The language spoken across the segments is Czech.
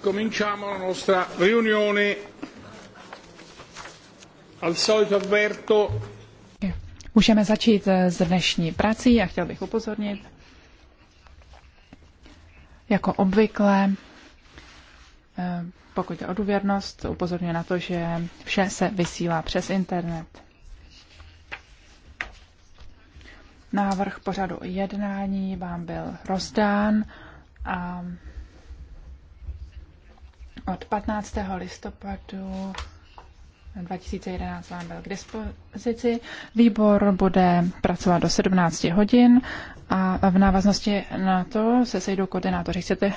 Cominciamo la nostra riunione. Al solito avverto. Můžeme začít eh, s dnešní prací. Já chtěl bych upozornit, jako obvykle, eh, pokud je o důvěrnost, upozorňuje na to, že vše se vysílá přes internet. Návrh pořadu jednání vám byl rozdán od 15. listopadu 2011 vám byl k dispozici. Výbor bude pracovat do 17 hodin a v návaznosti na to se sejdou koordinátoři. Chcete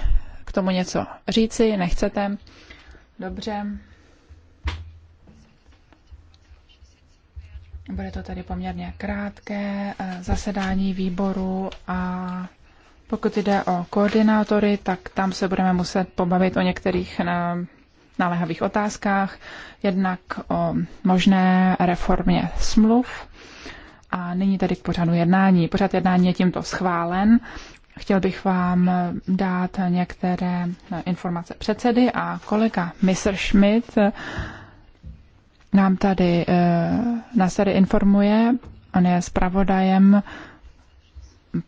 k tomu něco říci? Nechcete? Dobře. Bude to tady poměrně krátké eh, zasedání výboru a pokud jde o koordinátory, tak tam se budeme muset pobavit o některých eh, naléhavých otázkách, jednak o možné reformě smluv. A nyní tedy k pořadu jednání. Pořad jednání je tímto schválen. Chtěl bych vám eh, dát některé eh, informace předsedy a kolega Mr. Schmidt nám tady, nás tady informuje. On je zpravodajem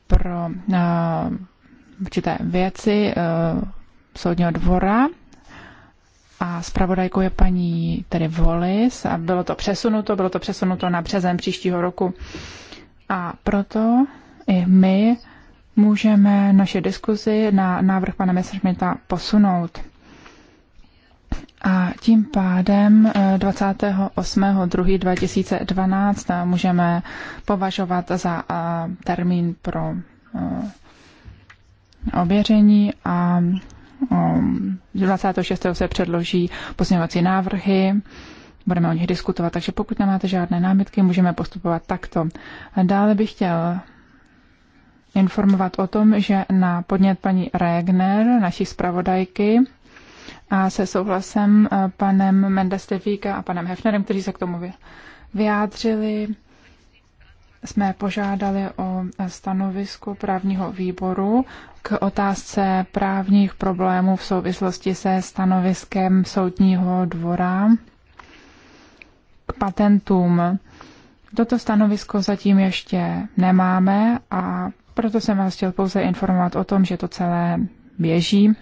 pro eh, určité věci eh, soudního dvora a zpravodajkou je paní tedy Volis a bylo to přesunuto, bylo to přesunuto na březen příštího roku a proto i my můžeme naše diskuzi na návrh pana Messerschmitta posunout. A tím pádem 28.2.2012 eh, eh, můžeme považovat za eh, termín pro oběření a 26. se předloží pozměňovací návrhy, budeme o nich diskutovat, takže pokud nemáte žádné námitky, můžeme postupovat takto. Dále bych chtěl informovat o tom, že na podnět paní Regner, naší zpravodajky, a se souhlasem eh, panem Mendes Devíka a panem Hefnerem, kteří se k tomu vyjádřili, jsme požádali o eh, stanovisko právního výboru k otázce právních problémů v souvislosti se stanoviskem soudního dvora k patentům. Toto stanovisko zatím ještě nemáme a proto jsem vás chtěl pouze informovat o tom, že to celé běží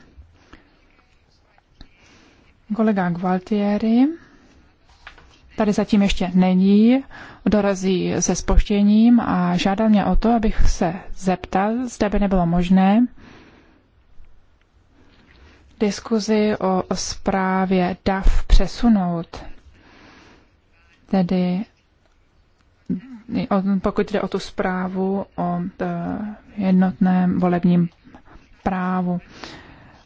Kolega Gualtieri tady zatím ještě není, dorazí se spoštěním a žádal mě o to, abych se zeptal, zda by nebylo možné diskuzi o zprávě DAF přesunout. Tedy pokud jde o tu zprávu o eh, jednotném volebním právu.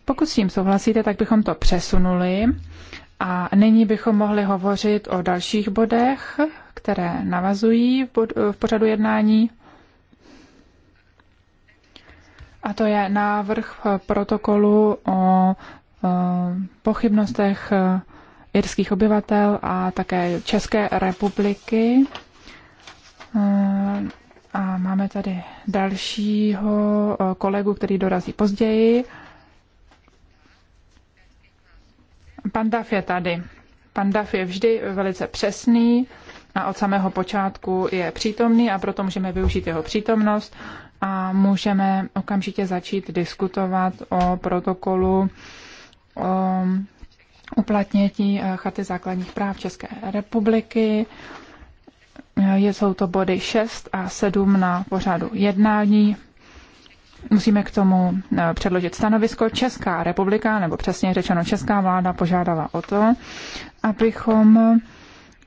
Pokud s tím souhlasíte, tak bychom to přesunuli a nyní bychom mohli hovořit o dalších bodech, které navazují v, bod, v pořadu jednání. A to je návrh protokolu o eh, pochybnostech eh, irských obyvatel a také České republiky. Eh, a máme tady dalšího kolegu, který dorazí později. Pan Dav je tady. Pan Dav je vždy velice přesný a od samého počátku je přítomný a proto můžeme využít jeho přítomnost a můžeme okamžitě začít diskutovat o protokolu o uplatnění eh, chaty základních práv České republiky. Eh, jsou to body 6 a 7 na pořadu jednání. Musíme k tomu eh, předložit stanovisko. Česká republika, nebo přesně řečeno česká vláda, požádala o to, abychom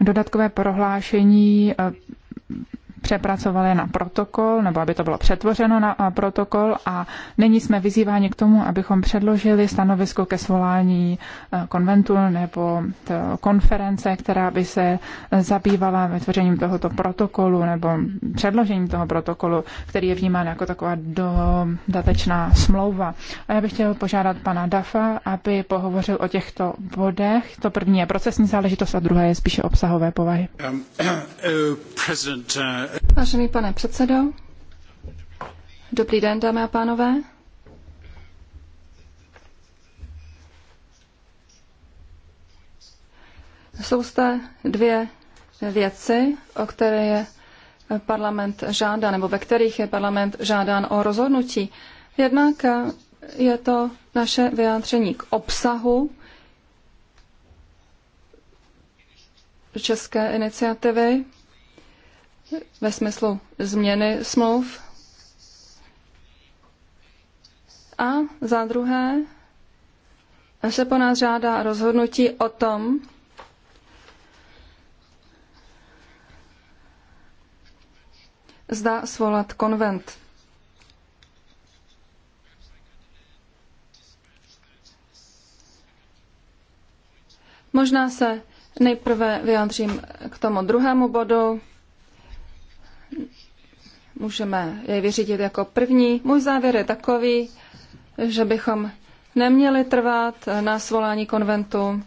dodatkové prohlášení eh, přepracovali na protokol, nebo aby to bylo přetvořeno na eh, protokol a nyní jsme vyzýváni k tomu, abychom předložili stanovisko ke svolání eh, konventu nebo konference, která by se eh, zabývala vytvořením tohoto protokolu nebo předložením toho protokolu, který je vnímán jako taková dodatečná smlouva. A já bych chtěl požádat pana Dafa, aby pohovořil o těchto bodech. To první je procesní záležitost a druhé je spíše obsahové povahy. Um, uh, uh... Vážený pane předsedo, dobrý den, dámy a pánové. Jsou zde dvě věci, o které je parlament žádán, nebo ve kterých je parlament žádán o rozhodnutí. Jednak je to naše vyjádření k obsahu české iniciativy ve smyslu změny smluv. A za druhé se po nás žádá rozhodnutí o tom, zda svolat konvent. Možná se nejprve vyjádřím k tomu druhému bodu, můžeme jej vyřídit jako první. Můj závěr je takový, že bychom neměli trvat na svolání konventu.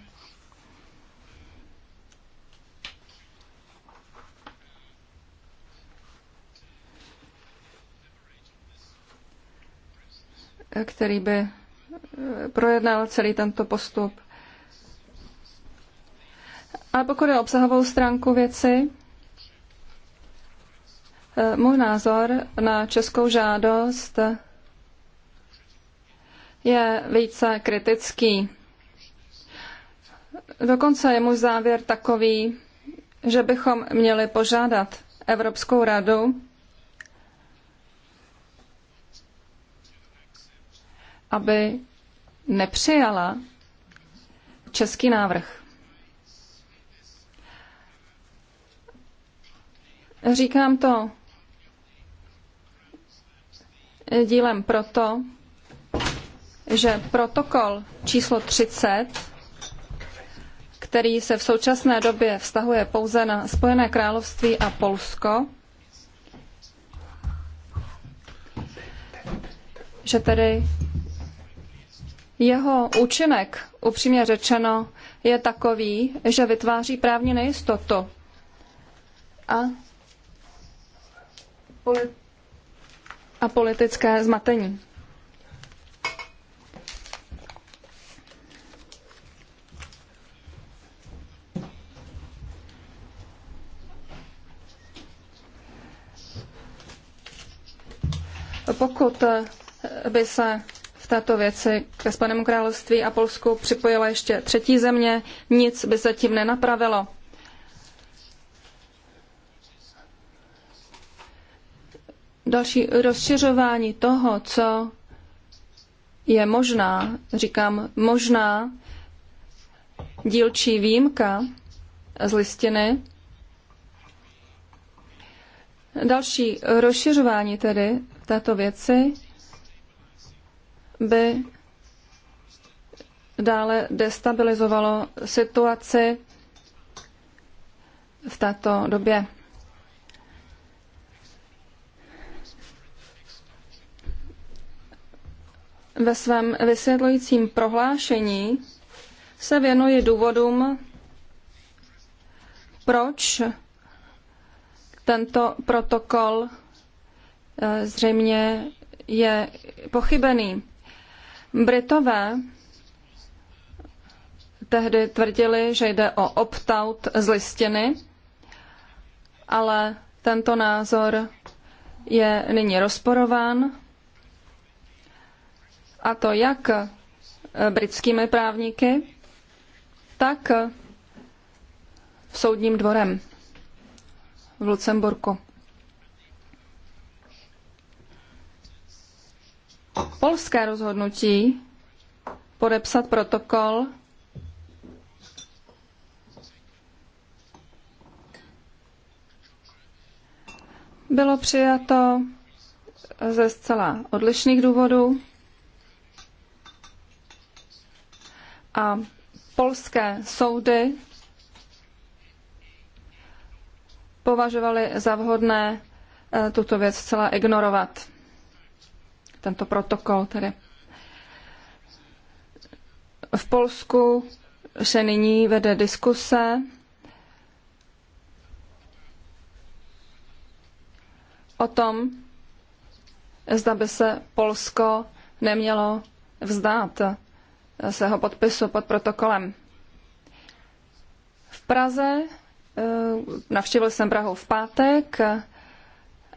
který by eh, projednal celý tento postup. A pokud je obsahovou stránku věci, Eh, můj názor na českou žádost je více kritický. Dokonce je můj závěr takový, že bychom měli požádat Evropskou radu, aby nepřijala český návrh. Říkám to dílem proto, že protokol číslo 30, který se v současné době vztahuje pouze na Spojené království a Polsko, že tedy jeho účinek, upřímně řečeno, je takový, že vytváří právní nejistotu a a politické zmatení. Pokud by se v této věci k Spojenému království a Polsku připojila ještě třetí země, nic by se tím nenapravilo. další rozšiřování toho, co je možná, říkám možná, dílčí výjimka z listiny. Další rozšiřování tedy této věci by dále destabilizovalo situaci v této době. ve svém vysvětlujícím prohlášení se věnuji důvodům, proč tento protokol eh, zřejmě je pochybený. Britové tehdy tvrdili, že jde o opt-out z listiny, ale tento názor je nyní rozporován a to jak eh, britskými právníky, tak v eh, soudním dvorem v Lucemburku. Polské rozhodnutí podepsat protokol bylo přijato ze zcela odlišných důvodů. a polské soudy považovali za vhodné e, tuto věc zcela ignorovat. Tento protokol tedy. V Polsku se nyní vede diskuse o tom, zda by se Polsko nemělo vzdát svého podpisu pod protokolem. V Praze, eh, navštívil jsem Prahu v pátek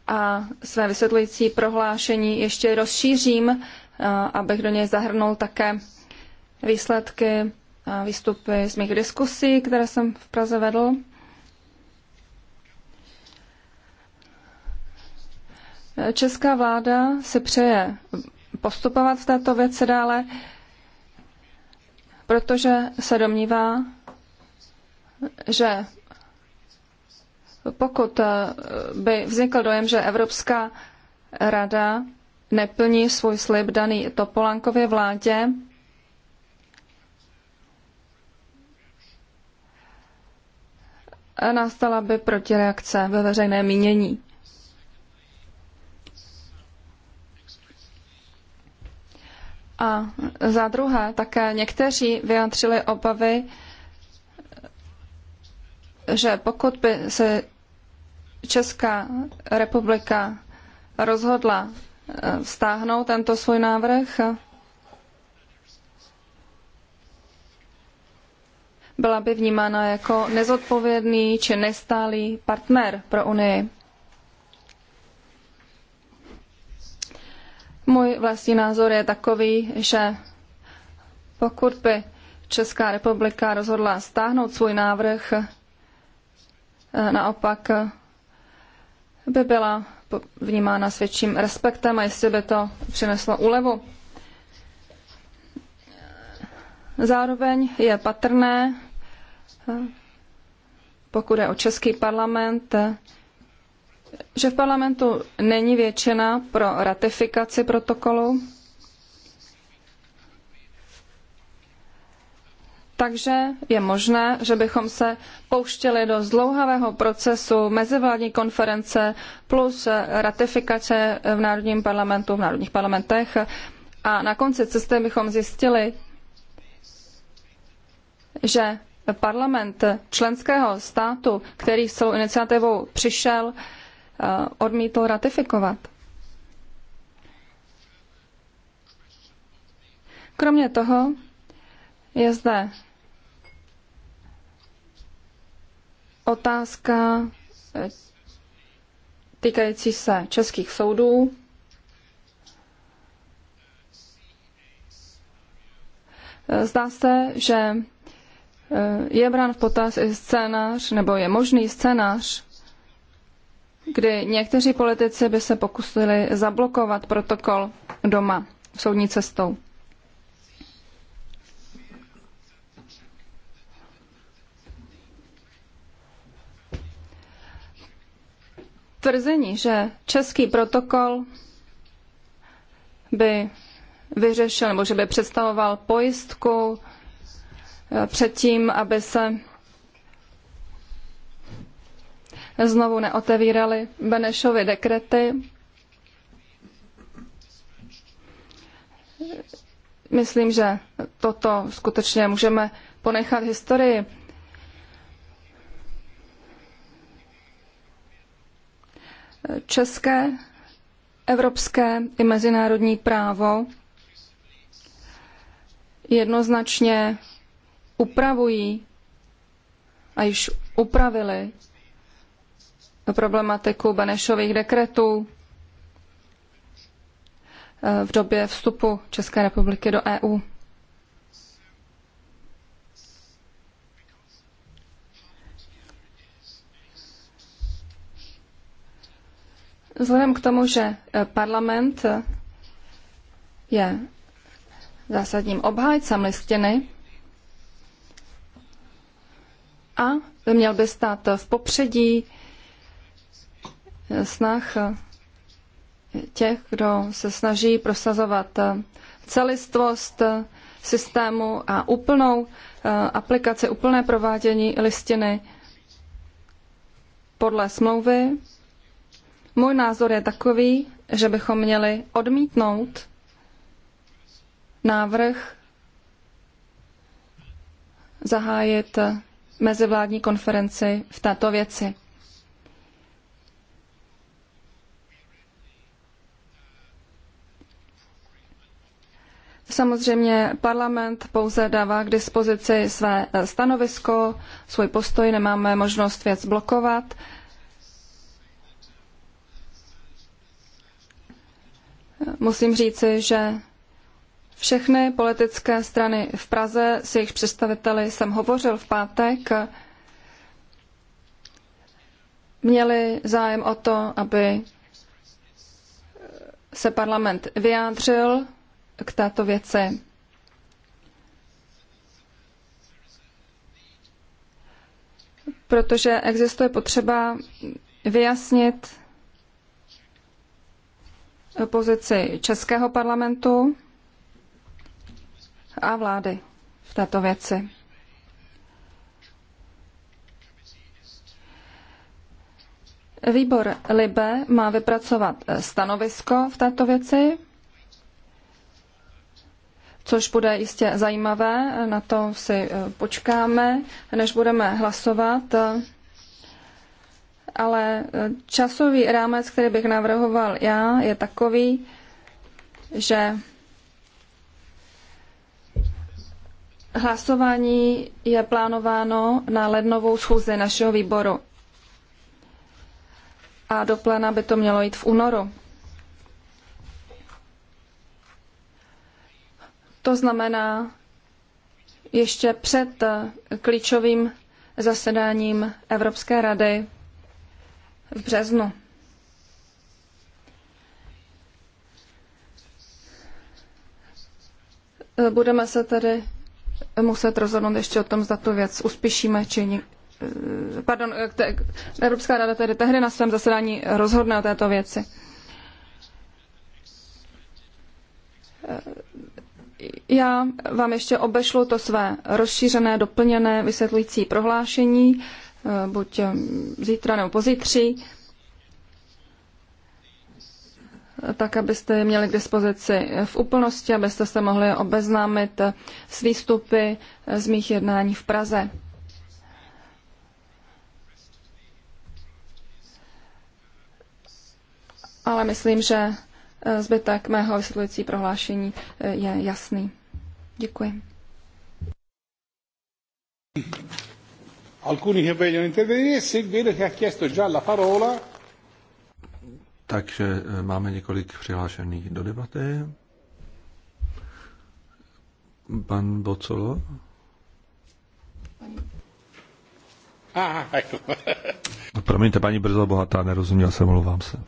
a své vysvětlující prohlášení ještě rozšířím, eh, abych do něj zahrnul také výsledky a výstupy z mých diskusí, které jsem v Praze vedl. Česká vláda si přeje postupovat v této věci dále protože se domnívá, že pokud eh, by vznikl dojem, že Evropská rada neplní svůj slib daný Topolánkově vládě, nastala by protireakce ve veřejné mínění. A za druhé také někteří vyjádřili obavy, že pokud by se Česká republika rozhodla vztáhnout eh, tento svůj návrh, byla by vnímána jako nezodpovědný či nestálý partner pro Unii. Můj vlastní názor je takový, že pokud by Česká republika rozhodla stáhnout svůj návrh, eh, naopak eh, by byla vnímána s větším respektem a jestli by to přineslo úlevu. Zároveň je patrné, eh, pokud je o český parlament, že v parlamentu není většina pro ratifikaci protokolu, takže je možné, že bychom se pouštěli do zdlouhavého procesu mezivládní konference plus ratifikace v Národním parlamentu, v národních parlamentech a na konci cesty bychom zjistili, že parlament členského státu, který s celou iniciativou přišel, Eh, odmítl ratifikovat. Kromě toho je zde otázka eh, týkající se českých soudů. Eh, zdá se, že je brán v potaz i scénář, nebo je možný scénář, kdy někteří politici by se pokusili zablokovat protokol doma soudní cestou. Tvrzení, že český protokol by vyřešil nebo že by představoval pojistku eh, před tím, aby se znovu neotevírali Benešovy dekrety. Myslím, že toto skutečně můžeme ponechat historii. České, evropské i mezinárodní právo jednoznačně upravují a již upravili problematiku Benešových dekretů v době vstupu České republiky do EU. Vzhledem k tomu, že parlament je zásadním obhájcem listiny a měl by stát v popředí snah těch, kdo se snaží prosazovat celistvost systému a úplnou eh, aplikaci, úplné provádění listiny podle smlouvy. Můj názor je takový, že bychom měli odmítnout návrh zahájit mezivládní konferenci v této věci. Samozřejmě parlament pouze dává k dispozici své eh, stanovisko, svůj postoj, nemáme možnost věc blokovat. Musím říci, že všechny politické strany v Praze, s jejich představiteli jsem hovořil v pátek, měli zájem o to, aby se parlament vyjádřil k této věci. Protože existuje potřeba vyjasnit pozici Českého parlamentu a vlády v této věci. Výbor Libe má vypracovat stanovisko v této věci což bude jistě zajímavé. Na to si eh, počkáme, než budeme hlasovat. Ale eh, časový rámec, který bych navrhoval já, je takový, že hlasování je plánováno na lednovou schůzi našeho výboru. A do pléna by to mělo jít v únoru. To znamená ještě před eh, klíčovým zasedáním Evropské rady v březnu. Eh, budeme se tedy muset rozhodnout ještě o tom, zda tu věc uspěšíme či ni... Eh, pardon, Evropská rada tedy tehdy na svém zasedání rozhodne o této věci. Já vám ještě obešlu to své rozšířené, doplněné vysvětlující prohlášení, eh, buď eh, zítra nebo pozítří, tak abyste je měli k dispozici v úplnosti, abyste se mohli obeznámit s výstupy z mých jednání v Praze. Ale myslím, že Eh, zbytek mého vysvětlující prohlášení eh, je jasný. Děkuji. Alcuni che vogliono intervenire, se vedo che ha chiesto già la parola. Takže eh, máme několik přihlášených do debaty. Pan Bocolo. Ah, jako. Promiňte, paní Brzo Bohatá, nerozuměl jsem, mluvám se.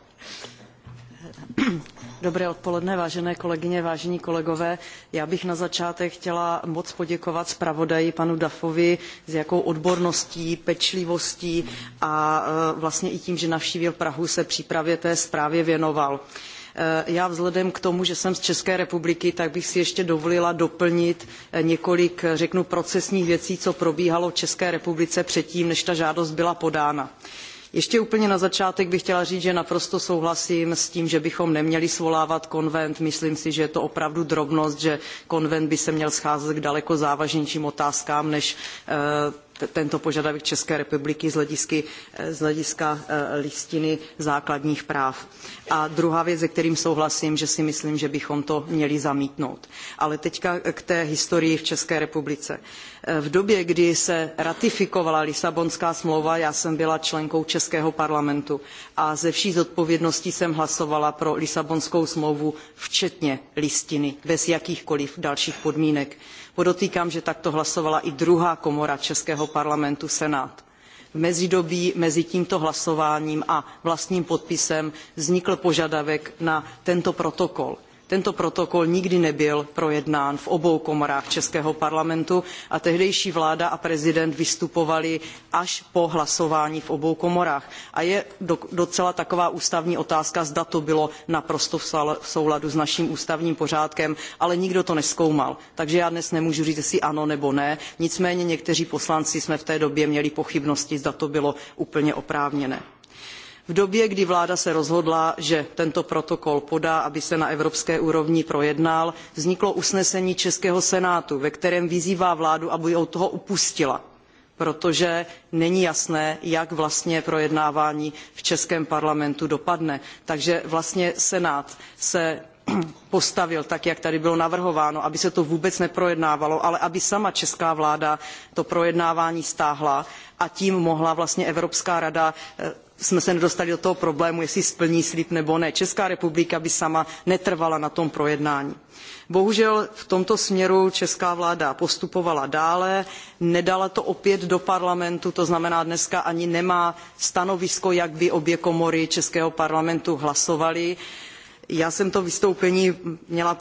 Dobré odpoledne, vážené kolegyně, vážení kolegové. Já bych na začátek chtěla moc poděkovat zpravodaji panu Dafovi, s jakou odborností, pečlivostí a e, vlastně i tím, že navštívil Prahu, se přípravě té zprávě věnoval. E, já vzhledem k tomu, že jsem z České republiky, tak bych si ještě dovolila doplnit e, několik, řeknu, procesních věcí, co probíhalo v České republice předtím, než ta žádost byla podána. Ještě úplně na začátek bych chtěla říct, že naprosto souhlasím s tím, že bychom neměli svolávat konvent. Myslím si, že je to opravdu drobnost, že konvent by se měl scházet k daleko závažnějším otázkám, než eh, tento požadavek České republiky z, hledisky, z hlediska eh, listiny základních práv. A druhá věc, se kterým souhlasím, že si myslím, že bychom to měli zamítnout. Ale teďka k té historii v České republice. Eh, v době, kdy se ratifikovala Lisabonská smlouva, já jsem byla členkou Českého parlamentu a ze vší zodpovědností jsem hlasovala pro Lisabonskou smlouvu, včetně listiny, bez jakýchkoliv dalších podmínek. Podotýkám, že takto hlasovala i druhá komora Českého parlamentu Senát. V mezidobí mezi tímto hlasováním a vlastním podpisem vznikl požadavek na tento protokol tento protokol nikdy nebyl projednán v obou komorách Českého parlamentu a tehdejší vláda a prezident vystupovali až po hlasování v obou komorách. A je docela taková ústavní otázka, zda to bylo naprosto v souladu s naším ústavním pořádkem, ale nikdo to neskoumal. Takže já dnes nemůžu říct, jestli ano nebo ne. Nicméně někteří poslanci jsme v té době měli pochybnosti, zda to bylo úplně oprávněné v době kdy vláda se rozhodla že tento protokol podá aby se na evropské úrovni projednal vzniklo usnesení českého senátu ve kterém vyzývá vládu aby od toho upustila protože není jasné jak vlastně projednávání v českém parlamentu dopadne. takže vlastně senát se postavil tak jak tady bylo navrhováno aby se to vůbec neprojednávalo ale aby sama česká vláda to projednávání stáhla a tím mohla vlastně evropská rada eh, jsme se nedostali do toho problému jestli splní slib nebo ne. česká republika by sama netrvala na tom projednání. bohužel v tomto směru česká vláda postupovala dále nedala to opět do parlamentu to znamená dnes ani nemá stanovisko jak by obě komory českého parlamentu hlasovaly. já jsem to vystoupení měla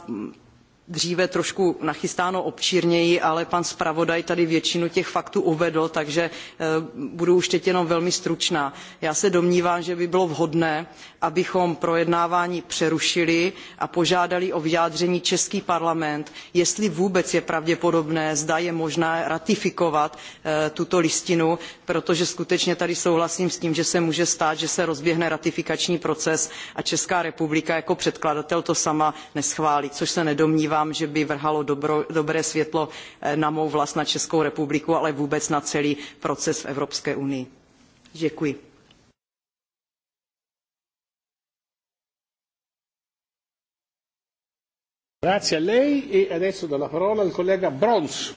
dříve trošku nachystáno obšírněji ale pan zpravodaj tady většinu těch faktů uvedl takže eh, budu už teď jenom velmi stručná. já se domnívám že by bylo vhodné abychom projednávání přerušili a požádali o vyjádření český parlament jestli vůbec je pravděpodobné zda je možné ratifikovat eh, tuto listinu protože skutečně tady souhlasím s tím že se může stát že se rozběhne ratifikační proces a česká republika jako předkladatel to sama neschválí což se nedomnívám neříkám, že by vrhalo dobro, dobré světlo eh, na mou vlast, na Českou republiku, ale vůbec na celý proces v Evropské unii. Děkuji. Grazie a lei e adesso do la parola al collega Brons.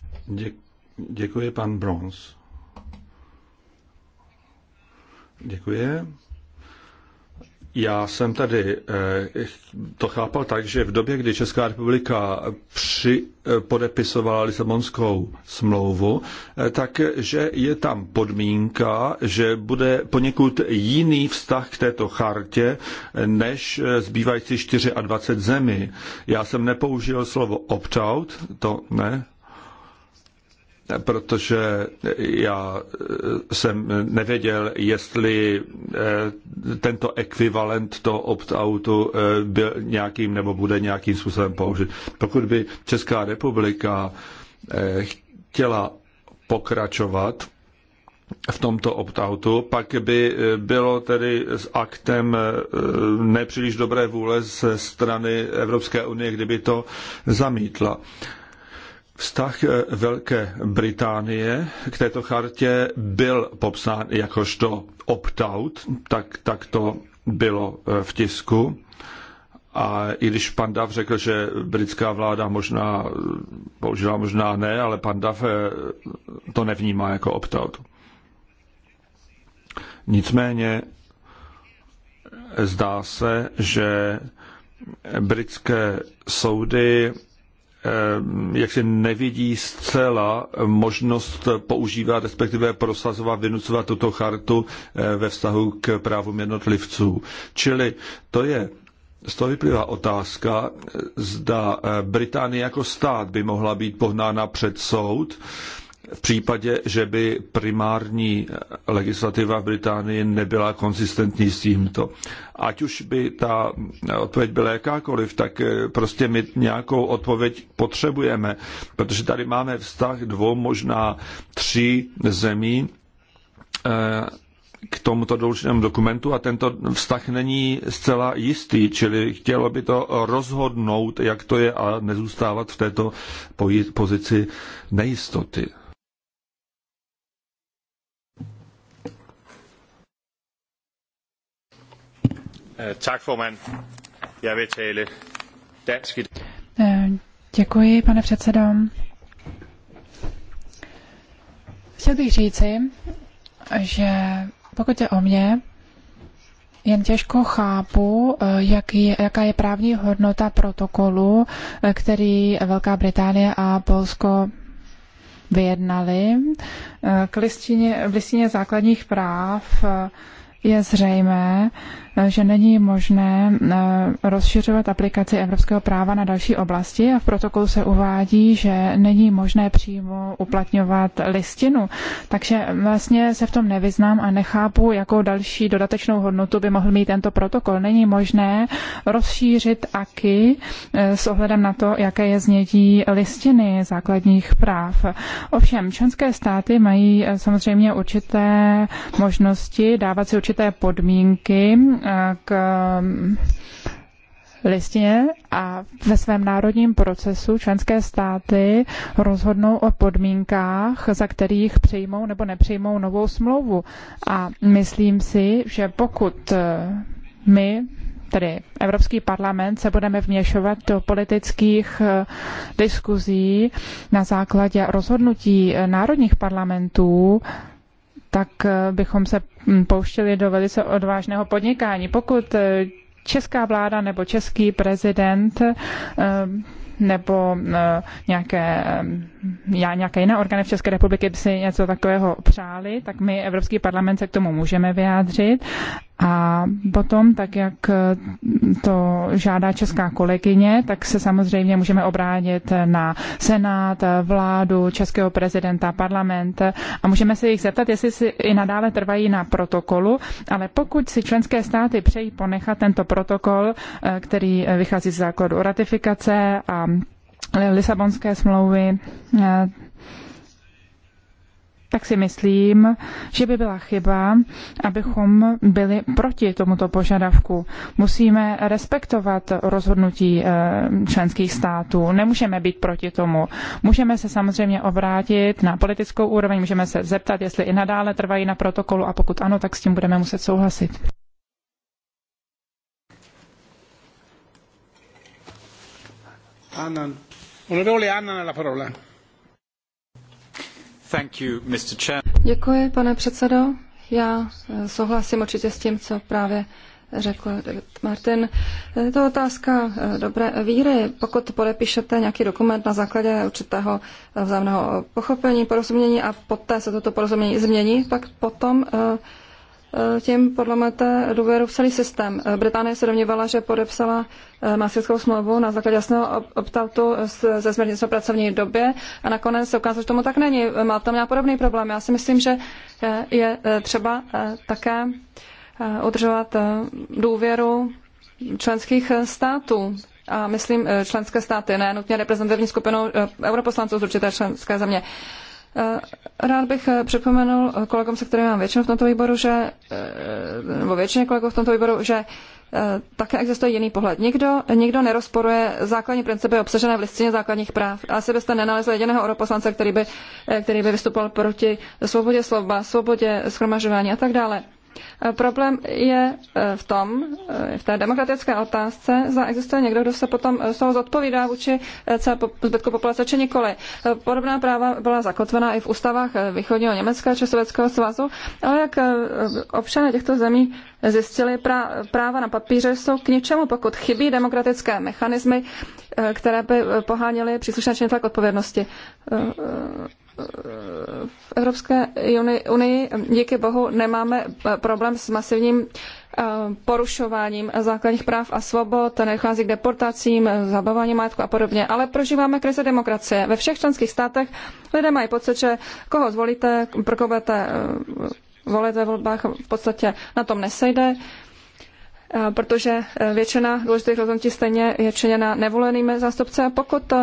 Děkuji, pan Brons. Děkuji. Já jsem tady eh, to chápal tak, že v době, kdy Česká republika při, eh, podepisovala Lisabonskou smlouvu, eh, takže je tam podmínka, že bude poněkud jiný vztah k této chartě než zbývající 24 zemi. Já jsem nepoužil slovo opt-out, to ne, protože já eh, jsem nevěděl, jestli eh, tento ekvivalent toho opt-outu eh, byl nějakým nebo bude nějakým způsobem použit. Pokud by Česká republika chtěla pokračovat v tomto opt-outu, pak by bylo tedy s aktem nepříliš dobré vůle ze strany Evropské unie, kdyby to zamítla. Vztah eh, Velké Británie k této chartě byl popsán jakožto opt-out, tak, tak to bylo eh, v tisku. A i když pan Dav řekl, že britská vláda možná použila, možná ne, ale pan Dav eh, to nevnímá jako opt-out. Nicméně zdá se, že britské soudy Eh, jak si nevidí zcela možnost používat, respektive prosazovat, vynucovat tuto chartu eh, ve vztahu k právům jednotlivců. Čili to je z toho vyplývá otázka, eh, zda Británie jako stát by mohla být pohnána před soud v případě, že by primární legislativa v Británii nebyla konzistentní s tímto. Ať už by ta odpověď byla jakákoliv, tak eh, prostě my nějakou odpověď potřebujeme, protože tady máme vztah dvou, možná tří zemí eh, k tomuto důležitému dokumentu a tento vztah není zcela jistý, čili chtělo by to rozhodnout, jak to je a nezůstávat v této pozici nejistoty. Eh, eh, děkuji, pane předsedo. Chtěl bych říci, že pokud je o mě, jen těžko chápu, eh, jak je, jaká je právní hodnota protokolu, který Velká Británie a Polsko vyjednali. K listině, v listině základních práv je zřejmé, že není možné eh, rozšiřovat aplikaci evropského práva na další oblasti a v protokolu se uvádí, že není možné přímo uplatňovat listinu. Takže vlastně se v tom nevyznám a nechápu, jakou další dodatečnou hodnotu by mohl mít tento protokol. Není možné rozšířit AKY eh, s ohledem na to, jaké je znědí listiny základních práv. Ovšem, členské státy mají eh, samozřejmě určité možnosti dávat si určité podmínky Eh, k mm, listině a ve svém národním procesu členské státy rozhodnou o podmínkách, za kterých přijmou nebo nepřijmou novou smlouvu. A myslím si, že pokud eh, my tedy Evropský parlament, se budeme vměšovat do politických eh, diskuzí na základě rozhodnutí národních parlamentů, tak eh, bychom se mm, pouštěli do velice odvážného podnikání. Pokud eh, česká vláda nebo český prezident eh, nebo nějaké já nějaké jiné orgány v České republiky by si něco takového přáli, tak my, Evropský parlament, se k tomu můžeme vyjádřit. A potom, tak jak to žádá česká kolegyně, tak se samozřejmě můžeme obrátit na Senát, vládu, českého prezidenta, parlament a můžeme se jich zeptat, jestli si i nadále trvají na protokolu, ale pokud si členské státy přejí ponechat tento protokol, eh, který vychází z základu ratifikace a Lisabonské smlouvy, eh, tak si myslím, že by byla chyba, abychom byli proti tomuto požadavku. Musíme respektovat rozhodnutí eh, členských států. Nemůžeme být proti tomu. Můžeme se samozřejmě obrátit na politickou úroveň, můžeme se zeptat, jestli i nadále trvají na protokolu a pokud ano, tak s tím budeme muset souhlasit. Anand Děkuji, pane předsedající. Já eh, souhlasím určitě s tím, co právě řekl David Martin. Je to otázka eh, dobré víry. Pokud podepíšete nějaký dokument na základě určitého eh, vzájemného pochopení, porozumění a poté se toto porozumění změní, pak potom uh, Eh, tím podlomete důvěru v celý systém. Eh, Británie se domnívala, že podepsala eh, masickou smlouvu na základě jasného optautu ze směrnice pracovní době a nakonec se ukázalo, že tomu tak není. Má tam nějaký podobný problém. Já si myslím, že je třeba také udržovat důvěru členských států a myslím členské státy, ne nutně reprezentativní skupinu europoslanců z určité členské země. Eh, rád bych eh, připomenul eh, kolegům, se kterými mám většinu v tomto výboru, že, nebo většině kolegů v tomto výboru, že také existuje jiný pohled. Nikdo, nikdo nerozporuje základní principy obsažené v listině základních práv. Asi byste nenalezli jediného europoslance, který by, který by vystupoval proti svobodě slova, svobodě schromažování a tak dále. Eh, problém je eh, v tom, eh, v té demokratické otázce, zda existuje někdo, kdo se potom z toho zodpovídá vůči celé zbytku populace či nikoli. Podobná práva byla zakotvená i v ústavách východního Německa a Českovětského svazu, ale jak občané těchto zemí zjistili, práva na papíře jsou k ničemu, pokud chybí demokratické mechanismy, které by poháněly příslušné činy odpovědnosti v Evropské unii díky bohu nemáme eh, problém s masivním eh, porušováním základních práv a svobod, nechází k deportacím, zabavování majetku a podobně. Ale prožíváme krize demokracie. Ve všech členských státech lidé mají pocit, že koho zvolíte, pro koho budete eh, volit ve volbách, v podstatě na tom nesejde protože většina důležitých rozhodnutí stejně je činěna nevolenými zástupci a pokud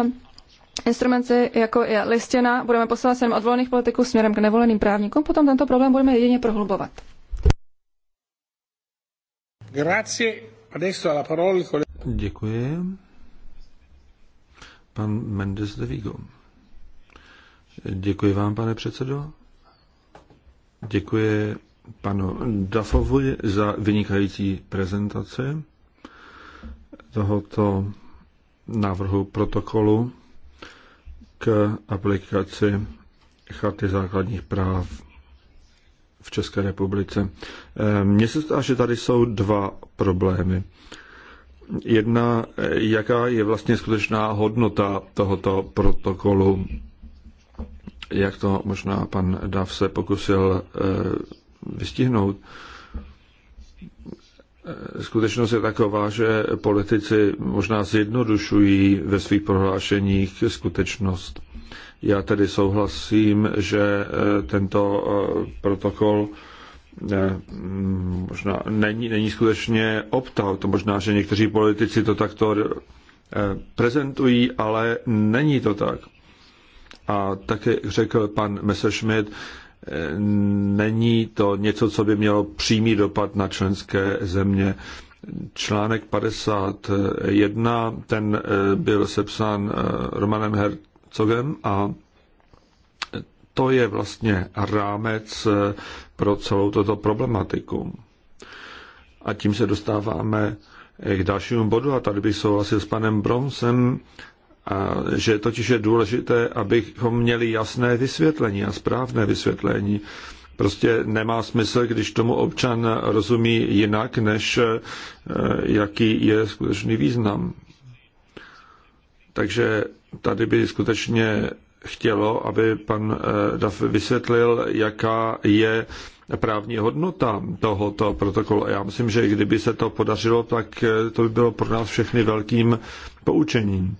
instrumenty, jako je listina, budeme posílat sem od volných politiků směrem k nevoleným právníkům, potom tento problém budeme jedině prohlubovat. Grazie. Adesso parola Děkuji. Pan Mendes de Vigo. Děkuji vám, pane předsedo. Děkuji panu Dafovi za vynikající prezentaci tohoto návrhu protokolu k aplikaci Charty základních práv v České republice. Eh, mně se zdá, že tady jsou dva problémy. Jedna, jaká je vlastně skutečná hodnota tohoto protokolu, jak to možná pan Dav se pokusil eh, vystihnout. Eh, skutečnost je taková, že politici možná zjednodušují ve svých prohlášeních skutečnost. Já tedy souhlasím, že eh, tento eh, protokol ne, možná není, není skutečně optal. To Možná, že někteří politici to takto prezentují, ale není to tak. A také řekl pan Messerschmidt, není to něco, co by mělo přímý dopad na členské země. Článek 51, ten eh, byl sepsán eh, Romanem Hercogem a to je vlastně rámec eh, pro celou toto problematiku. A tím se dostáváme k dalšímu bodu a tady bych souhlasil s panem Bronsem, že totiž je důležité, abychom měli jasné vysvětlení a správné vysvětlení. Prostě nemá smysl, když tomu občan rozumí jinak, než e, jaký je skutečný význam. Takže tady by skutečně chtělo, aby pan e, Daf vysvětlil, jaká je právní hodnota tohoto protokolu. Já myslím, že kdyby se to podařilo, tak e, to by bylo pro nás všechny velkým poučením.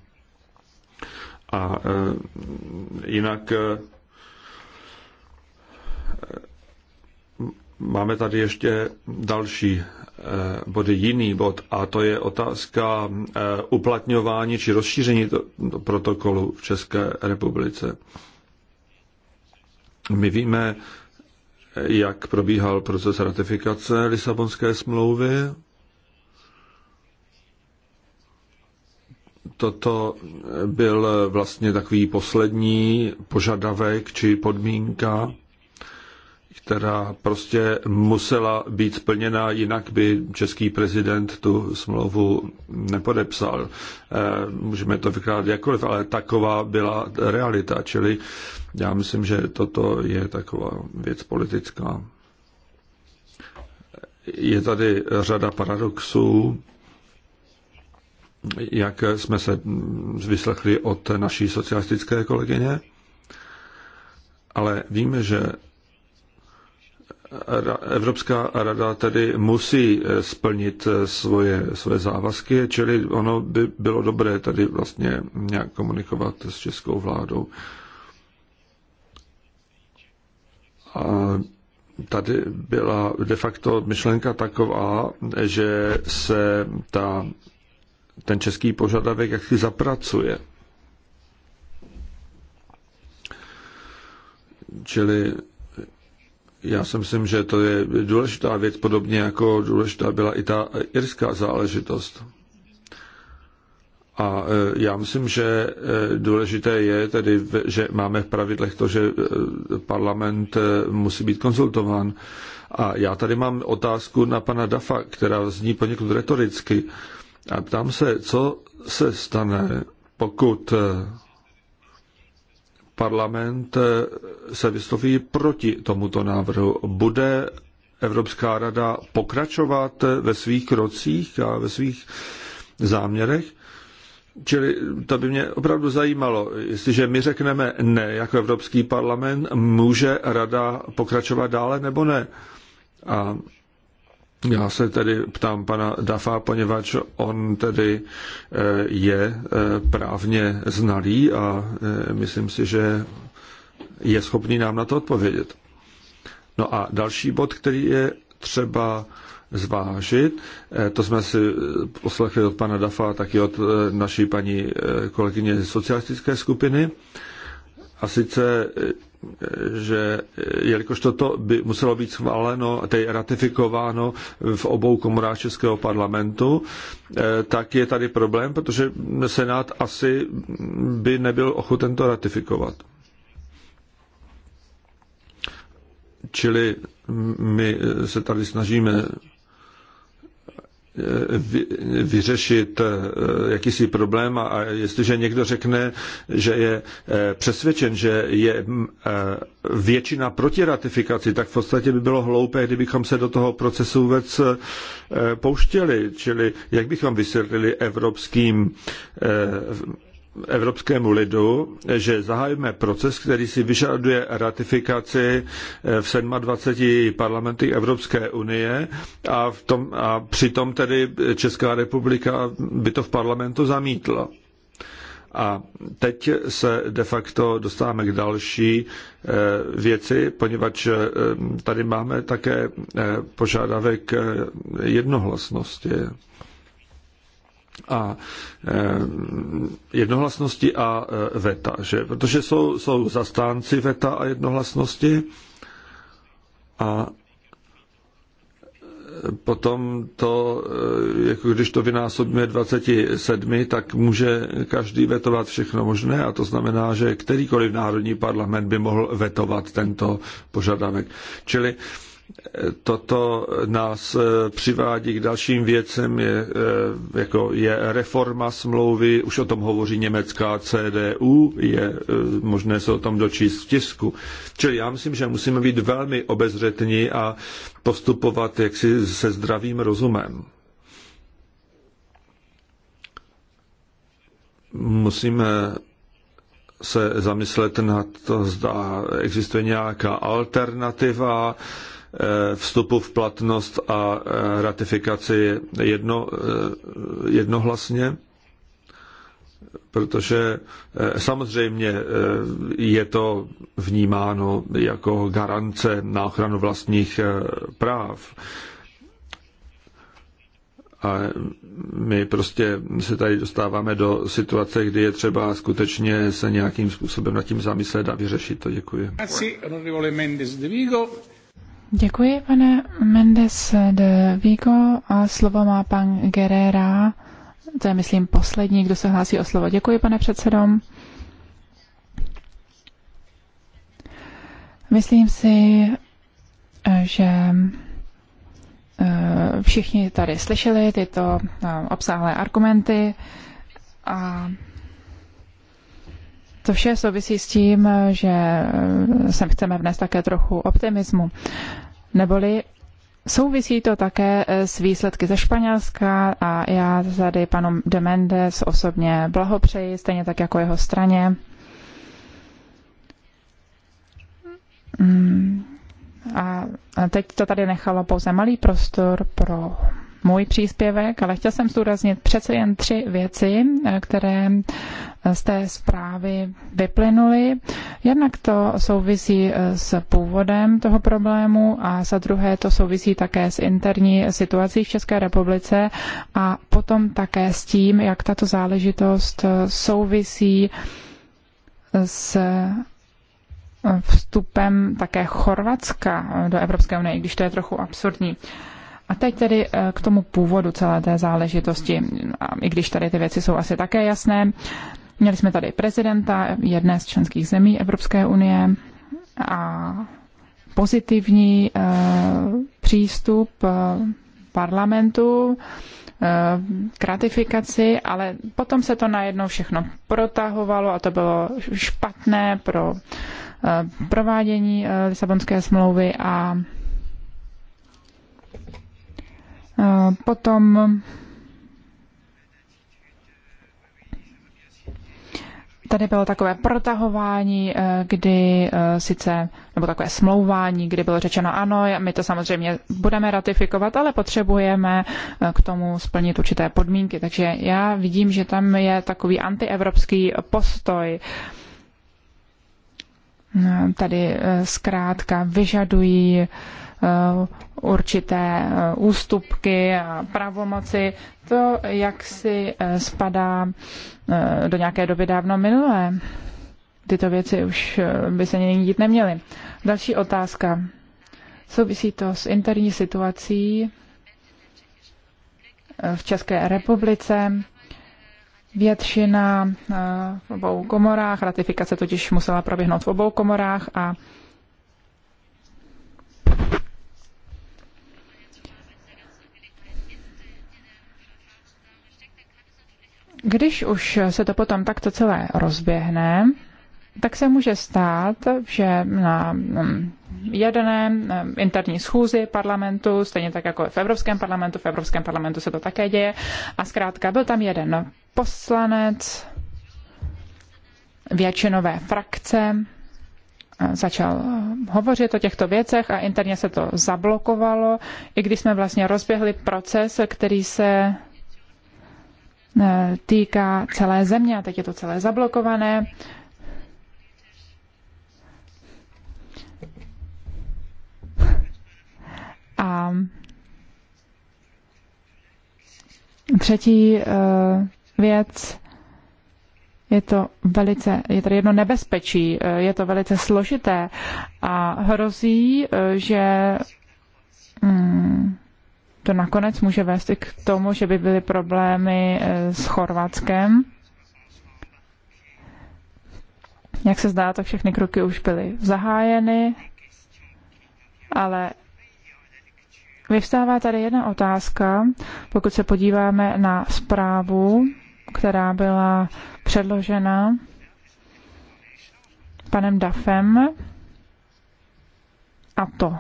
A e, jinak e, máme tady ještě další e, body, jiný bod, a to je otázka uplatňování či rozšíření protokolu v České republice. My víme, jak probíhal proces ratifikace Lisabonské smlouvy, toto byl vlastně takový poslední požadavek či podmínka, která prostě musela být splněna, jinak by český prezident tu smlouvu nepodepsal. Eh, můžeme to vykládat jakkoliv, ale taková byla realita. Čili já myslím, že toto je taková věc politická. Je tady řada paradoxů, jak jsme se vyslechli od naší socialistické kolegyně, ale víme, že Evropská rada tedy musí splnit svoje, svoje závazky, čili ono by bylo dobré tady vlastně nějak komunikovat s českou vládou. A tady byla de facto myšlenka taková, že se ta ten český požadavek jak si zapracuje. Čili já si myslím, že to je důležitá věc, podobně jako důležitá byla i ta irská záležitost. A e, já myslím, že e, důležité je tedy, že máme v pravidlech to, že e, parlament musí být konzultován. A já tady mám otázku na pana Dafa, která zní poněkud retoricky. A ptám se, co se stane, pokud eh, parlament eh, se vysloví proti tomuto návrhu. Bude Evropská rada pokračovat eh, ve svých krocích a ve svých záměrech? Čili to by mě opravdu zajímalo, jestliže my řekneme ne jako Evropský parlament, může rada pokračovat dále nebo ne? A já se tedy ptám pana Dafa, poněvadž on tedy eh, je eh, právně znalý a eh, myslím si, že je schopný nám na to odpovědět. No a další bod, který je třeba zvážit, to jsme si poslechli od pana Dafa, taky od naší paní kolegyně socialistické skupiny, a sice, že jelikož toto by muselo být schváleno, tedy ratifikováno v obou komorách Českého parlamentu, eh, tak je tady problém, protože Senát asi by nebyl ochoten to ratifikovat. Čili my se tady snažíme vyřešit eh, jakýsi problém a jestliže někdo řekne, že je eh, přesvědčen, že je eh, většina proti ratifikaci, tak v podstatě by bylo hloupé, kdybychom se do toho procesu vůbec pouštěli. Čili jak bychom vysvětlili evropským evropskému lidu, že zahájíme proces, který si vyžaduje ratifikaci eh, v 27 Parlamenty Evropské unie a, v tom, a přitom tedy Česká republika by to v parlamentu zamítla. A teď se de facto dostáváme k další eh, věci, poněvadž eh, tady máme také požádavek jednohlasnosti a eh, jednohlasnosti a eh, veta, že? protože jsou, jsou zastánci veta a jednohlasnosti a eh, potom to, jako když to vynásobíme 27, tak může každý vetovat všechno možné a to znamená, že kterýkoliv národní parlament by mohl vetovat tento požadavek. Čili eh, Toto nás eh, přivádí k dalším věcem, je, eh, jako je reforma smlouvy, už o tom hovoří německá CDU, je eh, možné se o tom dočíst v tisku. Čili já myslím, že musíme být velmi obezřetní a postupovat jaksi se zdravým rozumem. Musíme se zamyslet na to, zda existuje nějaká alternativa, Eh, vstupu v platnost a eh, ratifikaci jedno, eh, jednohlasně, protože samozřejmě je to vnímáno jako garance na ochranu vlastních práv. A my prostě se tady dostáváme do situace, kdy je třeba skutečně se nějakým způsobem nad tím zamyslet a vyřešit to. Děkuji. Děkuji, pane Mendes de Vigo. A slovo má pan Guerrera. To je, myslím, poslední, kdo se hlásí o slovo. Děkuji, pane předsedom. Myslím si, že eh, všichni tady slyšeli tyto eh, obsáhlé argumenty a to vše souvisí s tím, že eh, sem chceme vnést také trochu optimismu neboli Souvisí to také eh, s výsledky ze Španělska a já tady panu de Mendes osobně blahopřeji, stejně tak jako jeho straně. Mm. A teď to tady nechalo pouze malý prostor pro můj příspěvek, ale chtěl jsem zdůraznit přece jen tři věci, eh, které eh, z té zprávy vyplynuly. Jednak to souvisí eh, s původem toho problému a za druhé to souvisí také s interní situací v České republice a potom také s tím, jak tato záležitost souvisí s vstupem také Chorvatska do Evropské unie, i když to je trochu absurdní. A teď tedy eh, k tomu původu celé té záležitosti, i když tady ty věci jsou asi také jasné. Měli jsme tady prezidenta jedné z členských zemí Evropské unie a pozitivní eh, přístup eh, parlamentu k ratifikaci, ale potom se to najednou všechno protahovalo a to bylo špatné pro provádění Lisabonské smlouvy a Potom tady bylo takové protahování, eh, kdy eh, sice, nebo takové smlouvání, kdy bylo řečeno ano, my to samozřejmě budeme ratifikovat, ale potřebujeme eh, k tomu splnit určité podmínky. Takže já vidím, že tam je takový antievropský postoj. Tady zkrátka vyžadují uh, Eh, určité eh, ústupky a pravomoci, to jak si eh, spadá do nějaké doby dávno minulé. Tyto věci už by se nyní dít neměly. Další otázka. Souvisí to s interní situací v České republice. Většina v obou komorách, ratifikace totiž musela proběhnout v obou komorách a Když už se to potom takto celé rozběhne, tak se může stát, že na mm, jedné mm, interní schůzi parlamentu, stejně tak jako v Evropském parlamentu, v Evropském parlamentu se to také děje, a zkrátka byl tam jeden poslanec většinové frakce, začal hovořit o těchto věcech a interně se to zablokovalo, i když jsme vlastně rozběhli proces, který se E, týká celé země a teď je to celé zablokované. A třetí e, věc je to velice, je tady jedno nebezpečí, e, je to velice složité a hrozí, že mm, to nakonec může vést i k tomu, že by byly problémy eh, s Chorvatskem. Jak se zdá, to všechny kroky už byly zahájeny, ale vyvstává tady jedna otázka, pokud se podíváme na zprávu, která byla předložena panem Dafem, a to.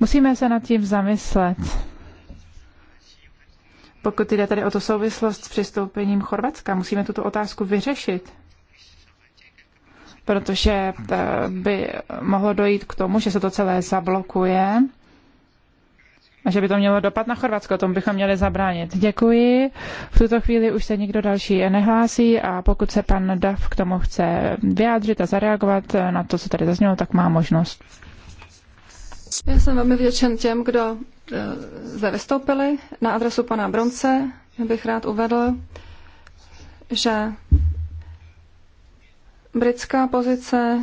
Musíme se nad tím zamyslet. Pokud jde tedy o to souvislost s přistoupením Chorvatska, musíme tuto otázku vyřešit protože eh, by mohlo dojít k tomu, že se to celé zablokuje a že by to mělo dopad na Chorvatsko, tomu bychom měli zabránit. Děkuji. V tuto chvíli už se nikdo další nehlásí a pokud se pan Dav k tomu chce vyjádřit a zareagovat na to, co tady zaznělo, tak má možnost. Já jsem velmi vděčen těm, kdo eh, zde vystoupili. Na adresu pana Bronce bych rád uvedl, že britská pozice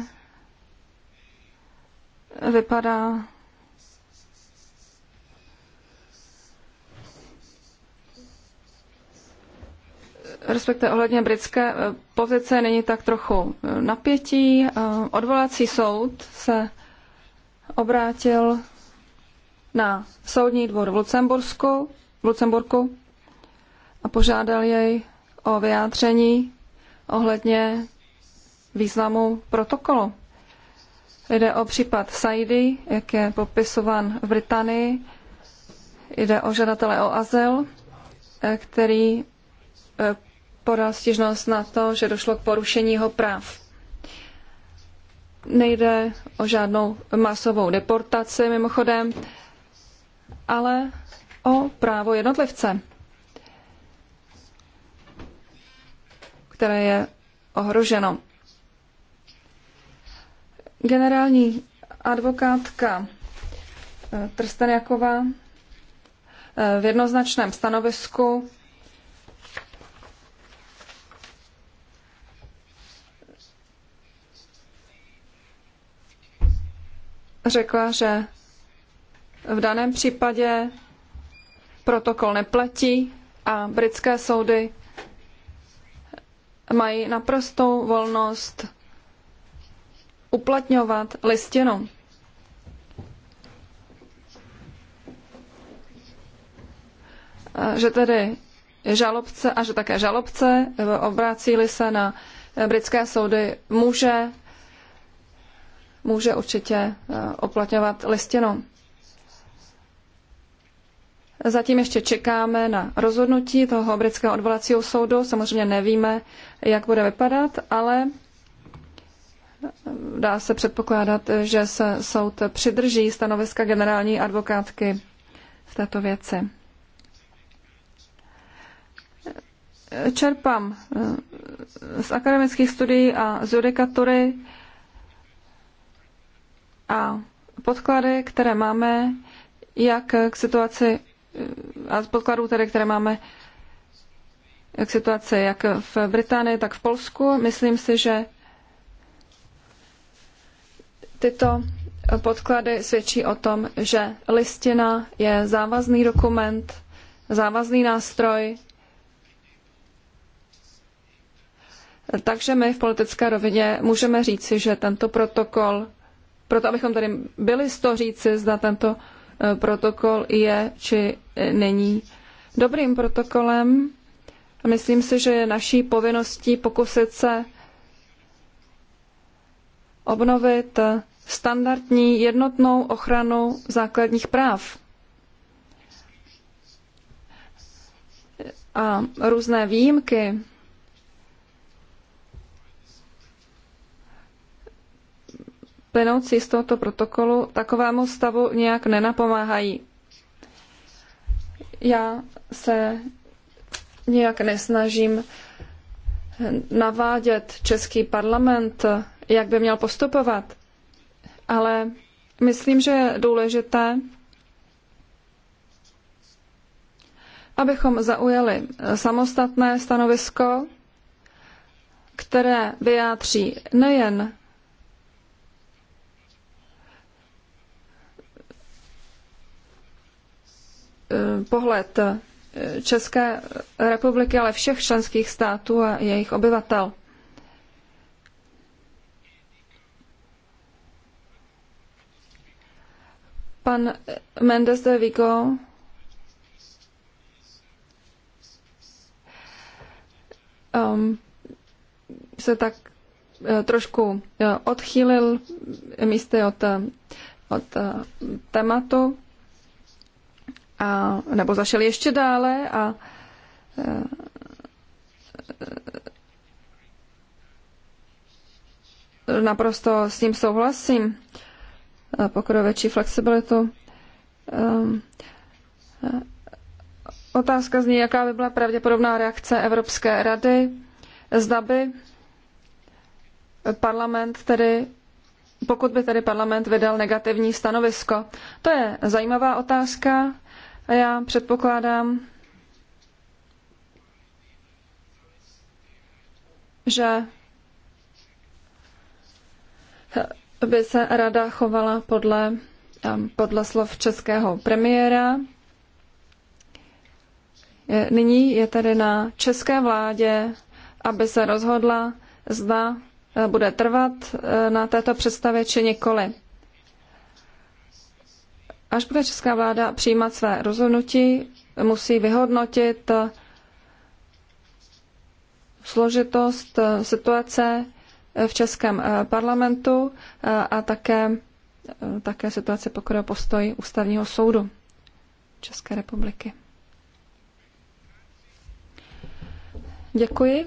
vypadá respektive ohledně britské eh, pozice není tak trochu eh, napětí. Odvolací soud se obrátil na soudní dvor v Lucembursku, v Lucemburku a požádal jej o vyjádření ohledně významu protokolu. Jde o případ Saidy, jak je popisovan v Británii. Jde o žadatele o azyl, eh, který eh, podal stížnost na to, že došlo k porušení jeho práv. Nejde o žádnou masovou deportaci mimochodem, ale o právo jednotlivce, které je ohroženo. Generální advokátka eh, Trstenjaková eh, v jednoznačném stanovisku řekla, že v daném případě protokol neplatí a britské soudy mají naprostou volnost uplatňovat listinu. Že tedy žalobce a že také žalobce, obrácí se na britské soudy, může může určitě oplatňovat eh, listinu. Zatím ještě čekáme na rozhodnutí toho britského odvolacího soudu. Samozřejmě nevíme, jak bude vypadat, ale eh, dá se předpokládat, že se soud přidrží stanoviska generální advokátky v této věci. Čerpám eh, z akademických studií a z judikatury a podklady, které máme, jak k situaci, a z podkladů tedy, které máme k situaci jak v Británii, tak v Polsku, myslím si, že tyto podklady svědčí o tom, že listina je závazný dokument, závazný nástroj, takže my v politické rovině můžeme říci, že tento protokol proto abychom tady byli z toho říci, zda tento eh, protokol je či eh, není dobrým protokolem. Myslím si, že je naší povinností pokusit se obnovit eh, standardní jednotnou ochranu základních práv. A různé výjimky plynoucí z tohoto protokolu takovému stavu nějak nenapomáhají. Já se nějak nesnažím navádět český parlament, jak by měl postupovat, ale myslím, že je důležité, abychom zaujali samostatné stanovisko, které vyjádří nejen Eh, pohled eh, České republiky, ale všech členských států a jejich obyvatel. Pan Mendes de Vigo um, se tak eh, trošku odchýlil místy od, od tématu a, nebo zašel ještě dále a e, e naprosto s ním souhlasím, pokud větší flexibilitu. Ehm, e, otázka zní, jaká by byla pravděpodobná reakce Evropské rady, zda by parlament tedy pokud by tedy parlament vydal negativní stanovisko? To je zajímavá otázka. A já předpokládám, že by se rada chovala podle, podle slov českého premiéra. Nyní je tedy na české vládě, aby se rozhodla, zda eh, bude trvat eh, na této představě či nikoli. Až bude česká vláda přijímat své rozhodnutí, musí vyhodnotit eh, složitost eh, situace eh, v českém parlamentu a také, také situace, pokud je postoj ústavního soudu České republiky. Děkuji.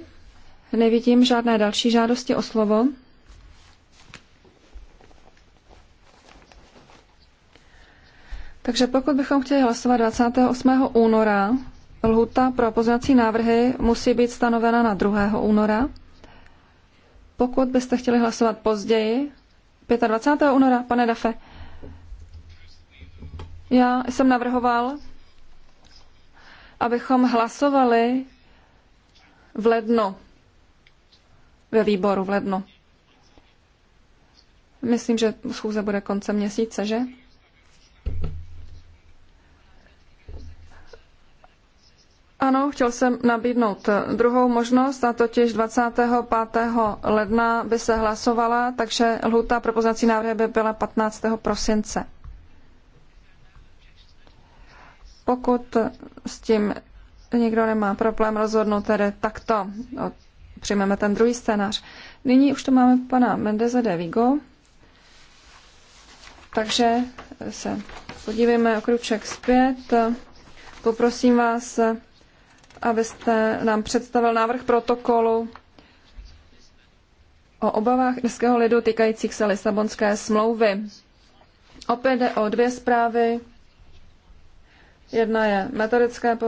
Nevidím žádné další žádosti o slovo. Takže pokud bychom chtěli hlasovat 28. února, lhuta pro pozměňovací návrhy musí být stanovena na 2. února. Pokud byste chtěli hlasovat později, 25. února, pane Dafe, já jsem navrhoval, abychom hlasovali v lednu, ve výboru v lednu. Myslím, že schůze bude koncem měsíce, že? Ano, chtěl jsem nabídnout eh, druhou možnost, a totiž 25. ledna by se hlasovala, takže lhuta pro poznací návrhy by byla 15. prosince. Pokud s tím nikdo nemá problém, rozhodnu tedy takto. Přijmeme ten druhý scénář. Nyní už tu máme pana Mendeze de Vigo, takže se podívejme o kruček zpět. Poprosím vás, abyste nám představil návrh protokolu o obavách irského lidu týkajících se Lisabonské smlouvy. Opět jde o dvě zprávy. Jedna je metodické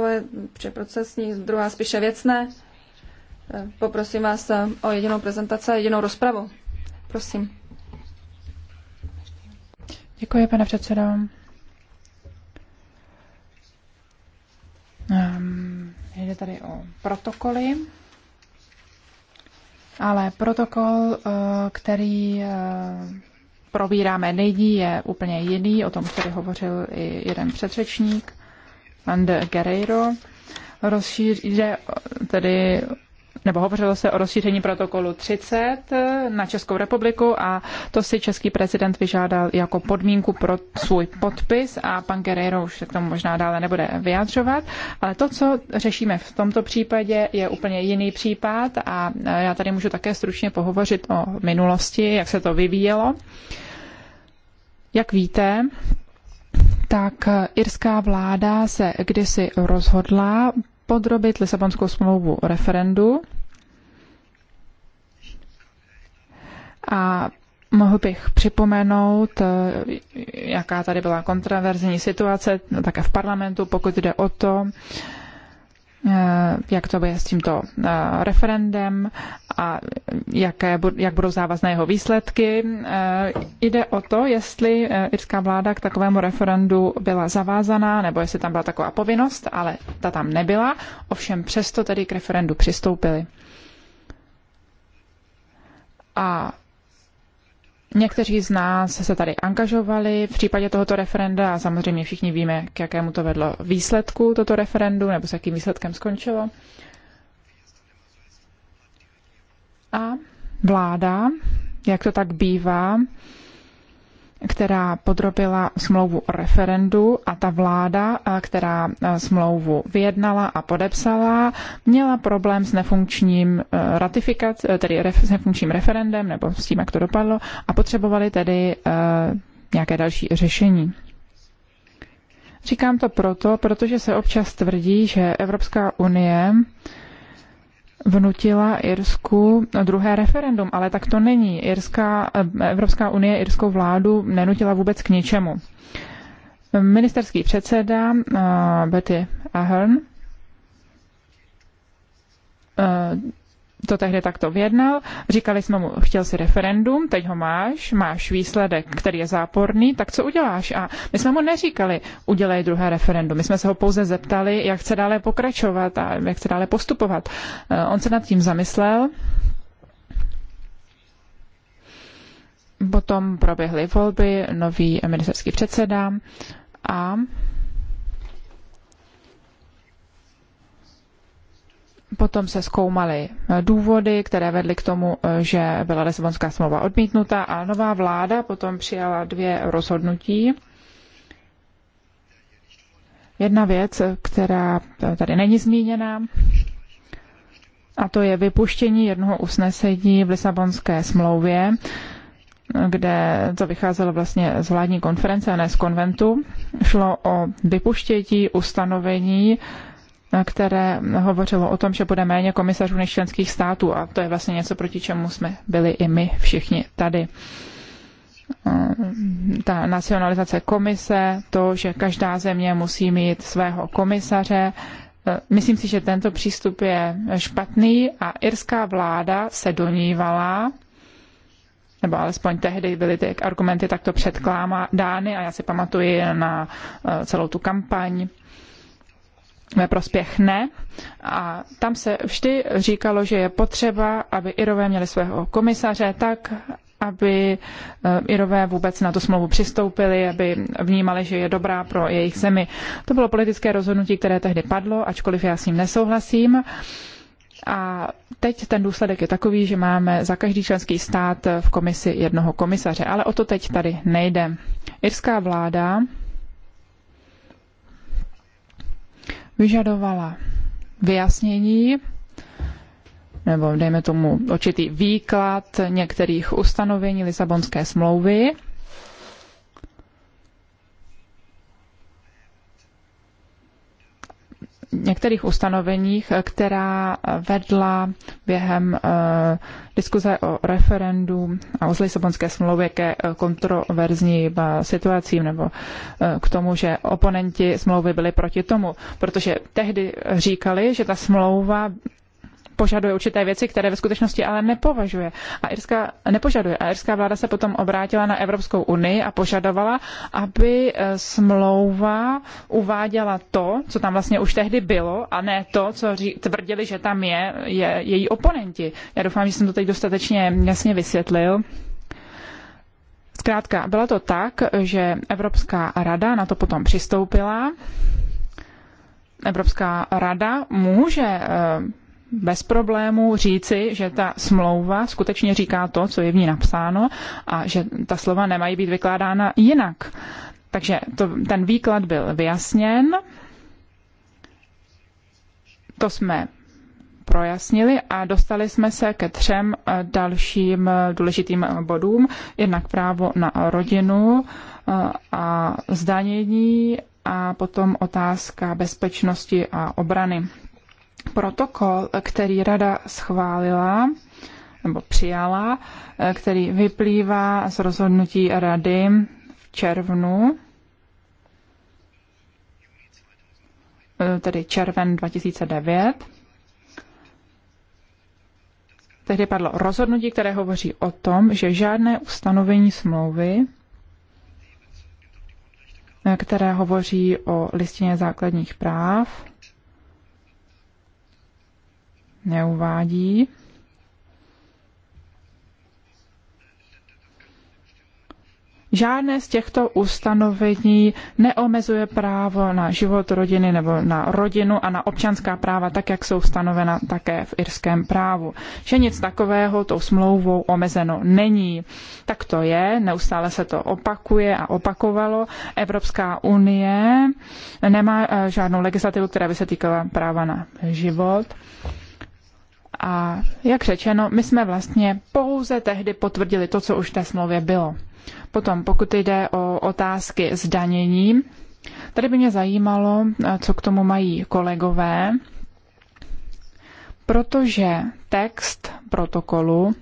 či procesní, druhá spíše věcné. Poprosím vás o jedinou prezentaci a jedinou rozpravu. Prosím. Děkuji, pane předsedo. Um, jde tady o protokoly, ale protokol, eh, který eh, probíráme nyní, je úplně jiný, o tom tady hovořil i jeden předřečník, pan de Guerreiro. Rozšíří, jde tedy nebo hovořilo se o rozšíření protokolu 30 na Českou republiku a to si český prezident vyžádal jako podmínku pro svůj podpis a pan Guerrero už se k tomu možná dále nebude vyjadřovat. Ale to, co řešíme v tomto případě, je úplně jiný případ a e, já tady můžu také stručně pohovořit o minulosti, jak se to vyvíjelo. Jak víte, tak e, irská vláda se kdysi rozhodla podrobit Lisabonskou smlouvu referendu. A mohl bych připomenout, eh, jaká tady byla kontroverzní situace, no, také v parlamentu, pokud jde o to, Eh, jak to bude s tímto eh, referendem a jaké, jak budou závazné jeho výsledky. Eh, jde o to, jestli irská vláda k takovému referendu byla zavázaná, nebo jestli tam byla taková povinnost, ale ta tam nebyla. Ovšem přesto tedy k referendu přistoupili. A Někteří z nás se tady angažovali v případě tohoto referenda a samozřejmě všichni víme, k jakému to vedlo výsledku toto referendu nebo s jakým výsledkem skončilo. A vláda, jak to tak bývá, která podrobila smlouvu referendu a ta vláda, eh, která eh, smlouvu vyjednala a podepsala, měla problém s nefunkčním eh, ratifikací, tedy s nefunkčním referendem, nebo s tím, jak to dopadlo, a potřebovali tedy nějaké další řešení. Říkám to proto, protože se občas tvrdí, že Evropská unie vnutila Irsku druhé referendum, ale tak to není. Irská, Evropská unie irskou vládu nenutila vůbec k ničemu. Ministerský předseda uh, Betty Ahern uh, to tehdy takto vyjednal. Říkali jsme mu, chtěl si referendum, teď ho máš, máš výsledek, který je záporný, tak co uděláš? A my jsme mu neříkali, udělej druhé referendum. My jsme se ho pouze zeptali, jak chce dále pokračovat a jak chce dále postupovat. Eh, on se nad tím zamyslel. Potom proběhly volby, nový ministerský předseda a Potom se zkoumaly eh, důvody, které vedly k tomu, eh, že byla Lisabonská smlouva odmítnuta a nová vláda potom přijala dvě rozhodnutí. Jedna věc, která eh, tady není zmíněna, a to je vypuštění jednoho usnesení v Lisabonské smlouvě, kde to vycházelo vlastně z vládní konference a ne z konventu. Šlo o vypuštění ustanovení, které hovořilo o tom, že bude méně komisařů než členských států a to je vlastně něco, proti čemu jsme byli i my všichni tady eh, ta nacionalizace komise, to, že každá země musí mít svého komisaře. Eh, myslím si, že tento přístup je špatný a irská vláda se donívala, nebo alespoň tehdy byly ty argumenty takto předkládány a já si pamatuji na eh, celou tu kampaň ve prospěch ne. A tam se vždy říkalo, že je potřeba, aby Irové měli svého komisaře tak, aby eh, Irové vůbec na tu smlouvu přistoupili, aby vnímali, že je dobrá pro jejich zemi. To bylo politické rozhodnutí, které tehdy padlo, ačkoliv já s ním nesouhlasím. A teď ten důsledek je takový, že máme za každý členský stát v komisi jednoho komisaře, ale o to teď tady nejde. Irská vláda vyžadovala vyjasnění nebo dejme tomu určitý výklad některých ustanovení Lisabonské smlouvy některých ustanoveních, která vedla během eh, diskuze o referendu a o Lisabonské smlouvě ke eh, kontroverzním eh, situacím nebo k tomu, že oponenti smlouvy byli proti tomu, protože tehdy říkali, že ta smlouva požaduje určité věci, které ve skutečnosti ale nepovažuje. A irská, nepožaduje. A irská vláda se potom obrátila na Evropskou unii a požadovala, aby eh, smlouva uváděla to, co tam vlastně už tehdy bylo, a ne to, co ří, tvrdili, že tam je, je její oponenti. Já doufám, že jsem to teď dostatečně jasně vysvětlil. Zkrátka, bylo to tak, že Evropská rada na to potom přistoupila. Evropská rada může eh, bez problému říci, že ta smlouva skutečně říká to, co je v ní napsáno a že ta slova nemají být vykládána jinak. Takže to, ten výklad byl vyjasněn, to jsme projasnili a dostali jsme se ke třem eh, dalším eh, důležitým eh, bodům. Jednak právo na rodinu a zdanění a potom otázka bezpečnosti a obrany protokol, který rada schválila nebo přijala, eh, který vyplývá z rozhodnutí rady v červnu, eh, tedy červen 2009. Tehdy padlo rozhodnutí, které hovoří o tom, že žádné ustanovení smlouvy eh, které hovoří o listině základních práv, neuvádí. Žádné z těchto ustanovení neomezuje právo na život rodiny nebo na rodinu a na občanská práva, tak jak jsou stanovena také v irském právu. Že nic takového tou smlouvou omezeno není. Tak to je, neustále se to opakuje a opakovalo. Evropská unie nemá eh, žádnou legislativu, která by se týkala práva na život. A jak řečeno, my jsme vlastně pouze tehdy potvrdili to, co už v té smlouvě bylo. Potom, pokud jde o otázky zdanění, tady by mě zajímalo, co k tomu mají kolegové, protože text protokolu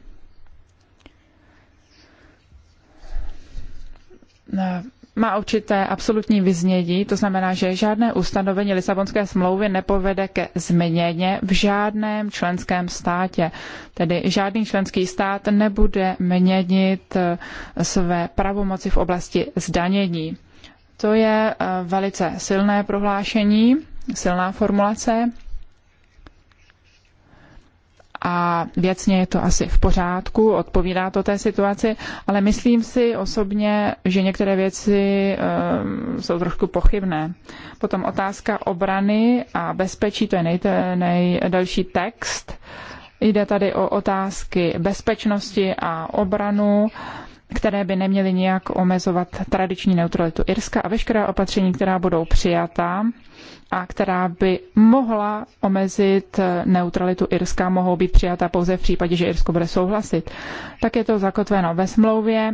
má určité absolutní vyznění, to znamená, že žádné ustanovení Lisabonské smlouvy nepovede ke změně v žádném členském státě. Tedy žádný členský stát nebude měnit eh, své pravomoci v oblasti zdanění. To je eh, velice silné prohlášení, silná formulace a věcně je to asi v pořádku, odpovídá to té situaci, ale myslím si osobně, že některé věci um, jsou trošku pochybné. Potom otázka obrany a bezpečí, to je nej, nejdelší text. Jde tady o otázky bezpečnosti a obranu které by neměly nijak omezovat tradiční neutralitu Irska a veškerá opatření, která budou přijata, a která by mohla omezit neutralitu Irska, mohou být přijata pouze v případě, že Irsko bude souhlasit. Tak je to zakotveno ve smlouvě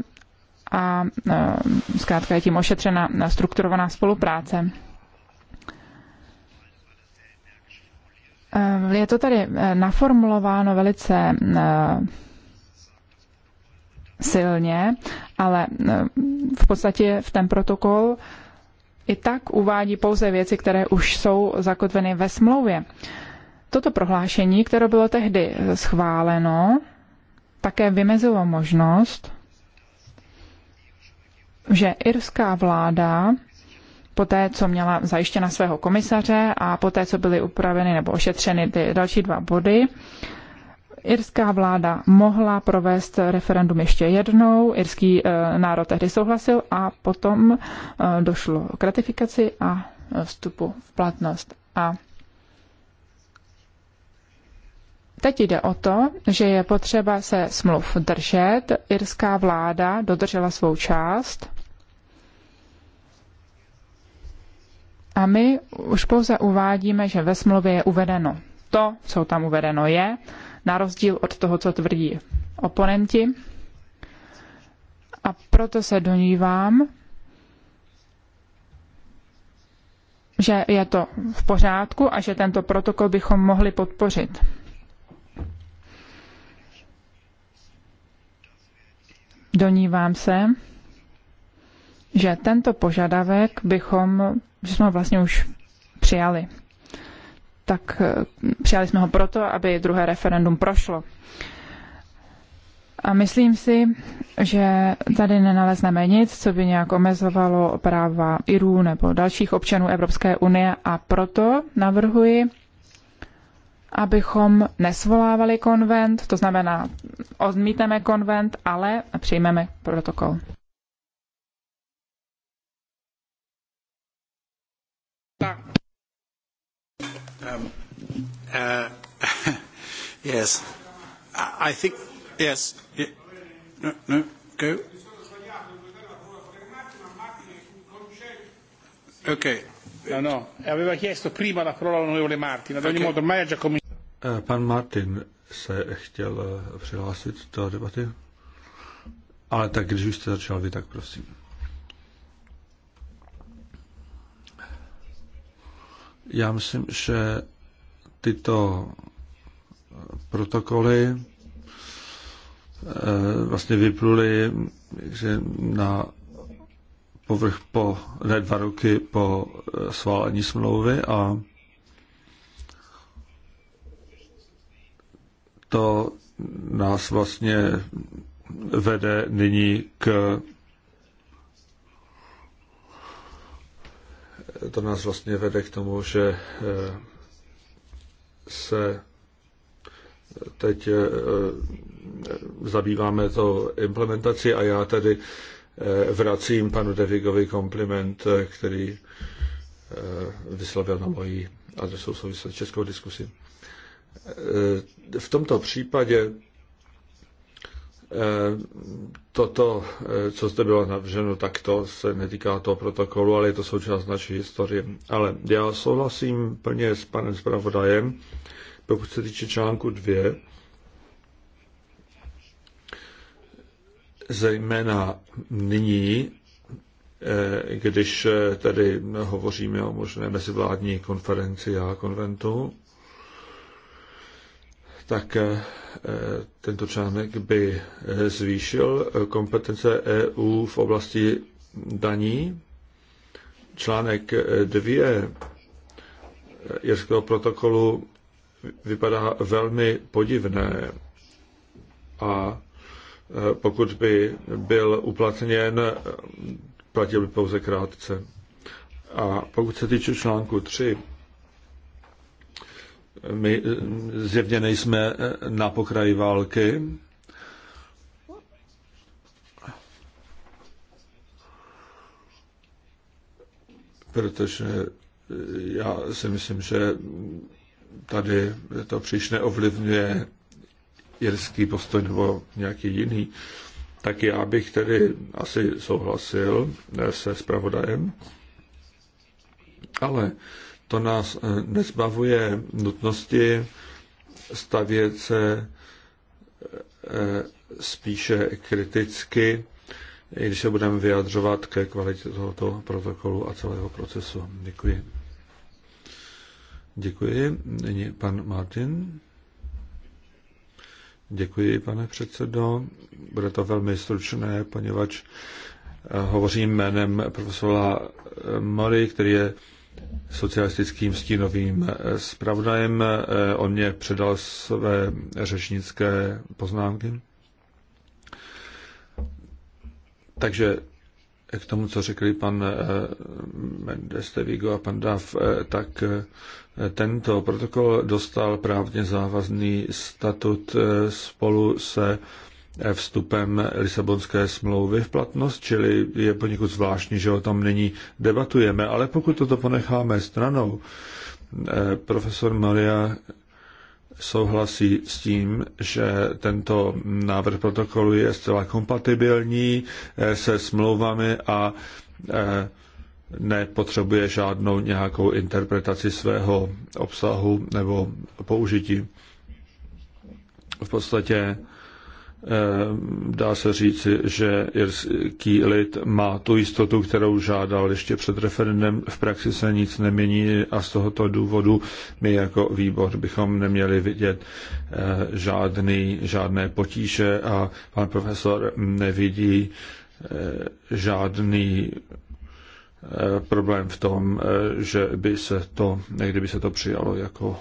a eh, zkrátka je tím ošetřena eh, strukturovaná spolupráce. Eh, je to tady naformulováno velice silně, ale v podstatě v ten protokol i tak uvádí pouze věci, které už jsou zakotveny ve smlouvě. Toto prohlášení, které bylo tehdy schváleno, také vymezilo možnost, že irská vláda poté, co měla zajištěna svého komisaře a poté, co byly upraveny nebo ošetřeny ty další dva body, irská vláda mohla provést referendum ještě jednou, irský eh, národ tehdy souhlasil a potom eh, došlo k ratifikaci a eh, vstupu v platnost. A Teď jde o to, že je potřeba se smluv držet. Irská vláda dodržela svou část. A my už pouze uvádíme, že ve smlouvě je uvedeno to, co tam uvedeno je, na rozdíl od toho, co tvrdí oponenti. A proto se donívám, že je to v pořádku a že tento protokol bychom mohli podpořit. Donívám se, že tento požadavek bychom, že jsme vlastně už přijali tak eh, přijali jsme ho proto, aby druhé referendum prošlo. A myslím si, že tady nenalezneme nic, co by nějak omezovalo práva Irů nebo dalších občanů Evropské unie a proto navrhuji, abychom nesvolávali konvent, to znamená odmítneme konvent, ale přijmeme protokol. Um, uh, yes. I think, yes. No, no, go. Ok. No, no, e aveva chiesto prima la parola l'onorevole Martin, ad ogni okay. modo ormai ha già cominciato. Eh, pan Martin se chtěl eh, přihlásit do debaty, ale tak když už jste začal vy, tak prosím. Já myslím, že tyto protokoly eh, vlastně vypluly že na povrch po, ne dva roky po eh, sválení smlouvy a to nás vlastně vede nyní k to nás vlastně vede k tomu, že eh, se teď eh, zabýváme to implementací a já tady eh, vracím panu Devigovi kompliment, který vyslovil na moji adresu v souvislosti s českou diskusí. V tomto případě Eh, toto, eh, co zde bylo navrženo, tak to se netýká toho protokolu, ale je to součást naší historie. Ale já souhlasím plně s panem zpravodajem, pokud se týče článku 2, zejména nyní, eh, když tedy hovoříme o možné mezivládní konferenci a konventu, tak eh, tento článek by eh, zvýšil eh, kompetence EU v oblasti daní. Článek 2 Jirského protokolu vypadá velmi podivné a pokud by byl uplatněn, platil by pouze krátce. A pokud se týče článku 3, my zjevně nejsme na pokraji války. Protože já si myslím, že tady to příliš neovlivňuje jirský postoj nebo nějaký jiný, tak já bych tedy asi souhlasil se zpravodajem. Ale to nás eh, nezbavuje nutnosti stavět se eh, spíše kriticky, i když se budeme vyjadřovat ke kvalitě tohoto protokolu a celého procesu. Děkuji. Děkuji. Nyní pan Martin. Děkuji, pane předsedo. Bude to velmi stručné, poněvadž eh, hovořím jménem profesora Mori, který je socialistickým stínovým eh, zpravodajem. Eh, on mě předal své řečnické poznámky. Takže k tomu, co řekli pan eh, Mendes de Vigo a pan Dav, tak tento protokol dostal právně závazný statut spolu se Eh, vstupem Lisabonské smlouvy v platnost, čili je poněkud zvláštní, že o tom není. debatujeme. Ale pokud toto ponecháme stranou, eh, profesor Maria souhlasí s tím, že tento návrh protokolu je zcela kompatibilní eh, se smlouvami a nepotřebuje žádnou nějakou interpretaci svého obsahu nebo použití. V podstatě Eh, dá se říci, že irský lid má tu jistotu, kterou žádal ještě před referendem. V praxi se nic nemění a z tohoto důvodu my jako výbor bychom neměli vidět eh, žádný, žádné potíže a pan profesor nevidí eh, žádný problém v tom, že by se to, kdyby se to přijalo jako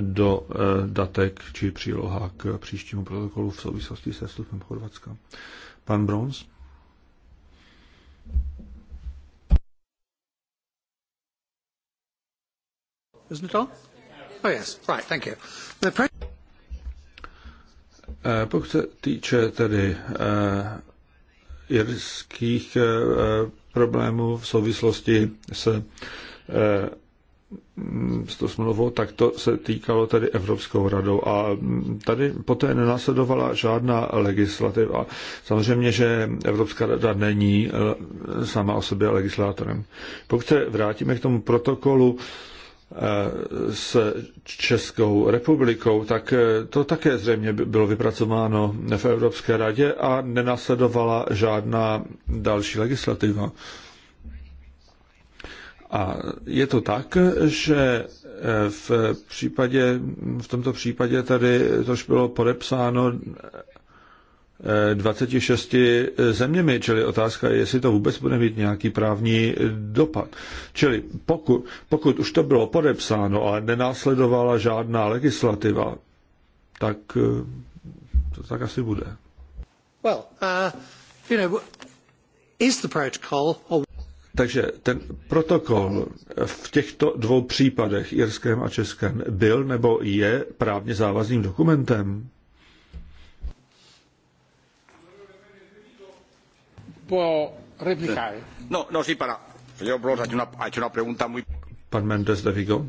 do eh, datek či příloha k příštímu protokolu v souvislosti se vstupem Chorvatska. Pan Brons? Oh yes, right, thank you. The eh, pokud se týče tedy eh, irských problémů v souvislosti s Mm, s tou smlouvou, tak to se týkalo tedy Evropskou radou a mm, tady poté nenásledovala žádná legislativa. Samozřejmě, že Evropská rada není eh, sama o sobě legislátorem. Pokud se vrátíme k tomu protokolu eh, s Českou republikou, tak eh, to také zřejmě bylo vypracováno v Evropské radě a nenásledovala žádná další legislativa. A je to tak, že eh, v, případě, v tomto případě tady tož bylo podepsáno 26 eh, zeměmi, čili otázka je, jestli to vůbec bude mít nějaký právní dopad. Čili pokud, pokud už to bylo podepsáno, ale nenásledovala žádná legislativa, tak eh, to tak asi bude. Well, uh, you know, is the protocol or... Takže ten protokol v těchto dvou případech, jirském a českém, byl nebo je právně závazným dokumentem? No, no, sí, para. Señor Bros, ha hecho una, ha hecho una pregunta muy... Pan Mendes de Vigo.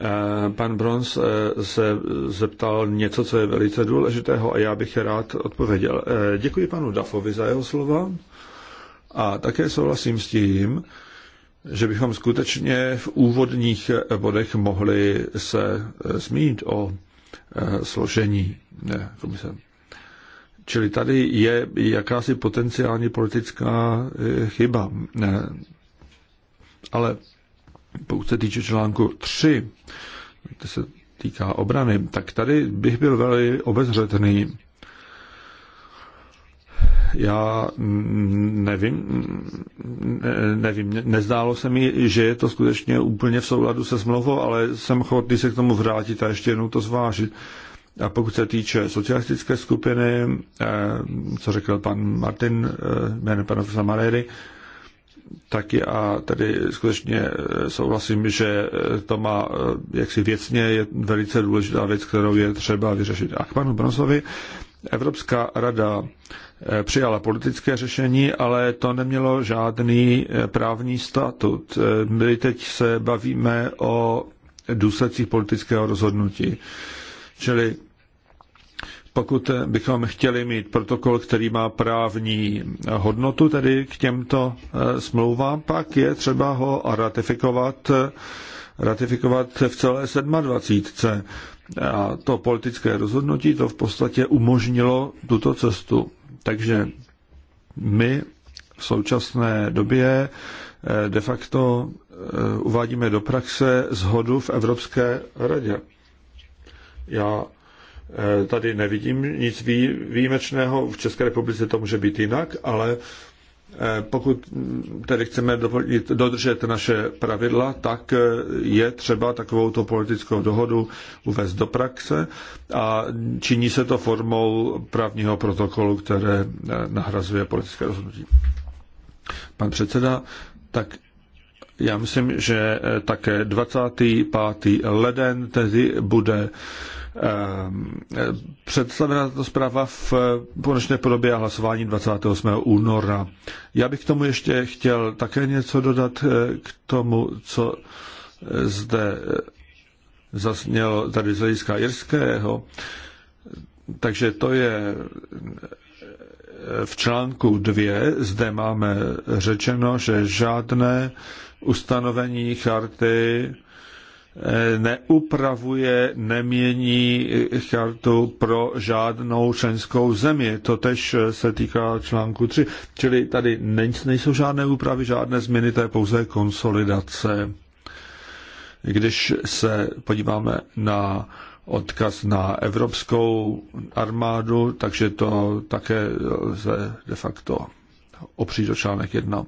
Eh, pan Brons eh, se zeptal něco, co je velice důležitého a já bych rád odpověděl. Eh, děkuji panu Dafovi za jeho slova a také souhlasím s tím, že bychom skutečně v úvodních bodech mohli se eh, zmínit o eh, složení eh, komise. Čili tady je jakási potenciální politická chyba. Ne. Ale pokud se týče článku 3, to se týká obrany, tak tady bych byl velmi obezřetný já nevím, nevím, nezdálo se mi, že je to skutečně úplně v souladu se smlouvou, ale jsem chodný se k tomu vrátit a ještě jednou to zvážit. A pokud se týče socialistické skupiny, eh, co řekl pan Martin eh, jménem pana Maléry, taky a tady skutečně eh, souhlasím, že to má jaksi věcně je velice důležitá věc, kterou je třeba vyřešit. A k panu Bronsovi, Evropská rada Eh, přijala politické řešení, ale to nemělo žádný eh, právní statut. Eh, my teď se bavíme o důsledcích politického rozhodnutí. Čili pokud bychom chtěli mít protokol, který má právní hodnotu, tedy k těmto smlouvám, pak je třeba ho ratifikovat, ratifikovat v celé 27. A to politické rozhodnutí to v podstatě umožnilo tuto cestu. Takže my v současné době eh, de facto eh, uvádíme do praxe zhodu v Evropské radě. Já eh, tady nevidím nic výjimečného, v České republice to může být jinak, ale Eh, pokud tedy chceme dodržet naše pravidla, tak eh, je třeba takovou politickou dohodu uvést do praxe a činí se to formou právního protokolu, které eh, nahrazuje politické rozhodnutí. Pan předseda, tak já myslím, že také 25. leden tedy bude Ehm, představena tato zpráva v konečné podobě a hlasování 28. února. Já bych k tomu ještě chtěl také něco dodat eh, k tomu, co eh, zde eh, zasnělo tady z hlediska jirského. Takže to je v článku 2 zde máme řečeno, že žádné ustanovení charty Eh, neupravuje, nemění chartu pro žádnou členskou zemi. To tež eh, se týká článku 3. Čili tady nejsou žádné úpravy, žádné změny, to je pouze konsolidace. Když se podíváme na odkaz na evropskou armádu, takže to také se de facto opřít do článek 1.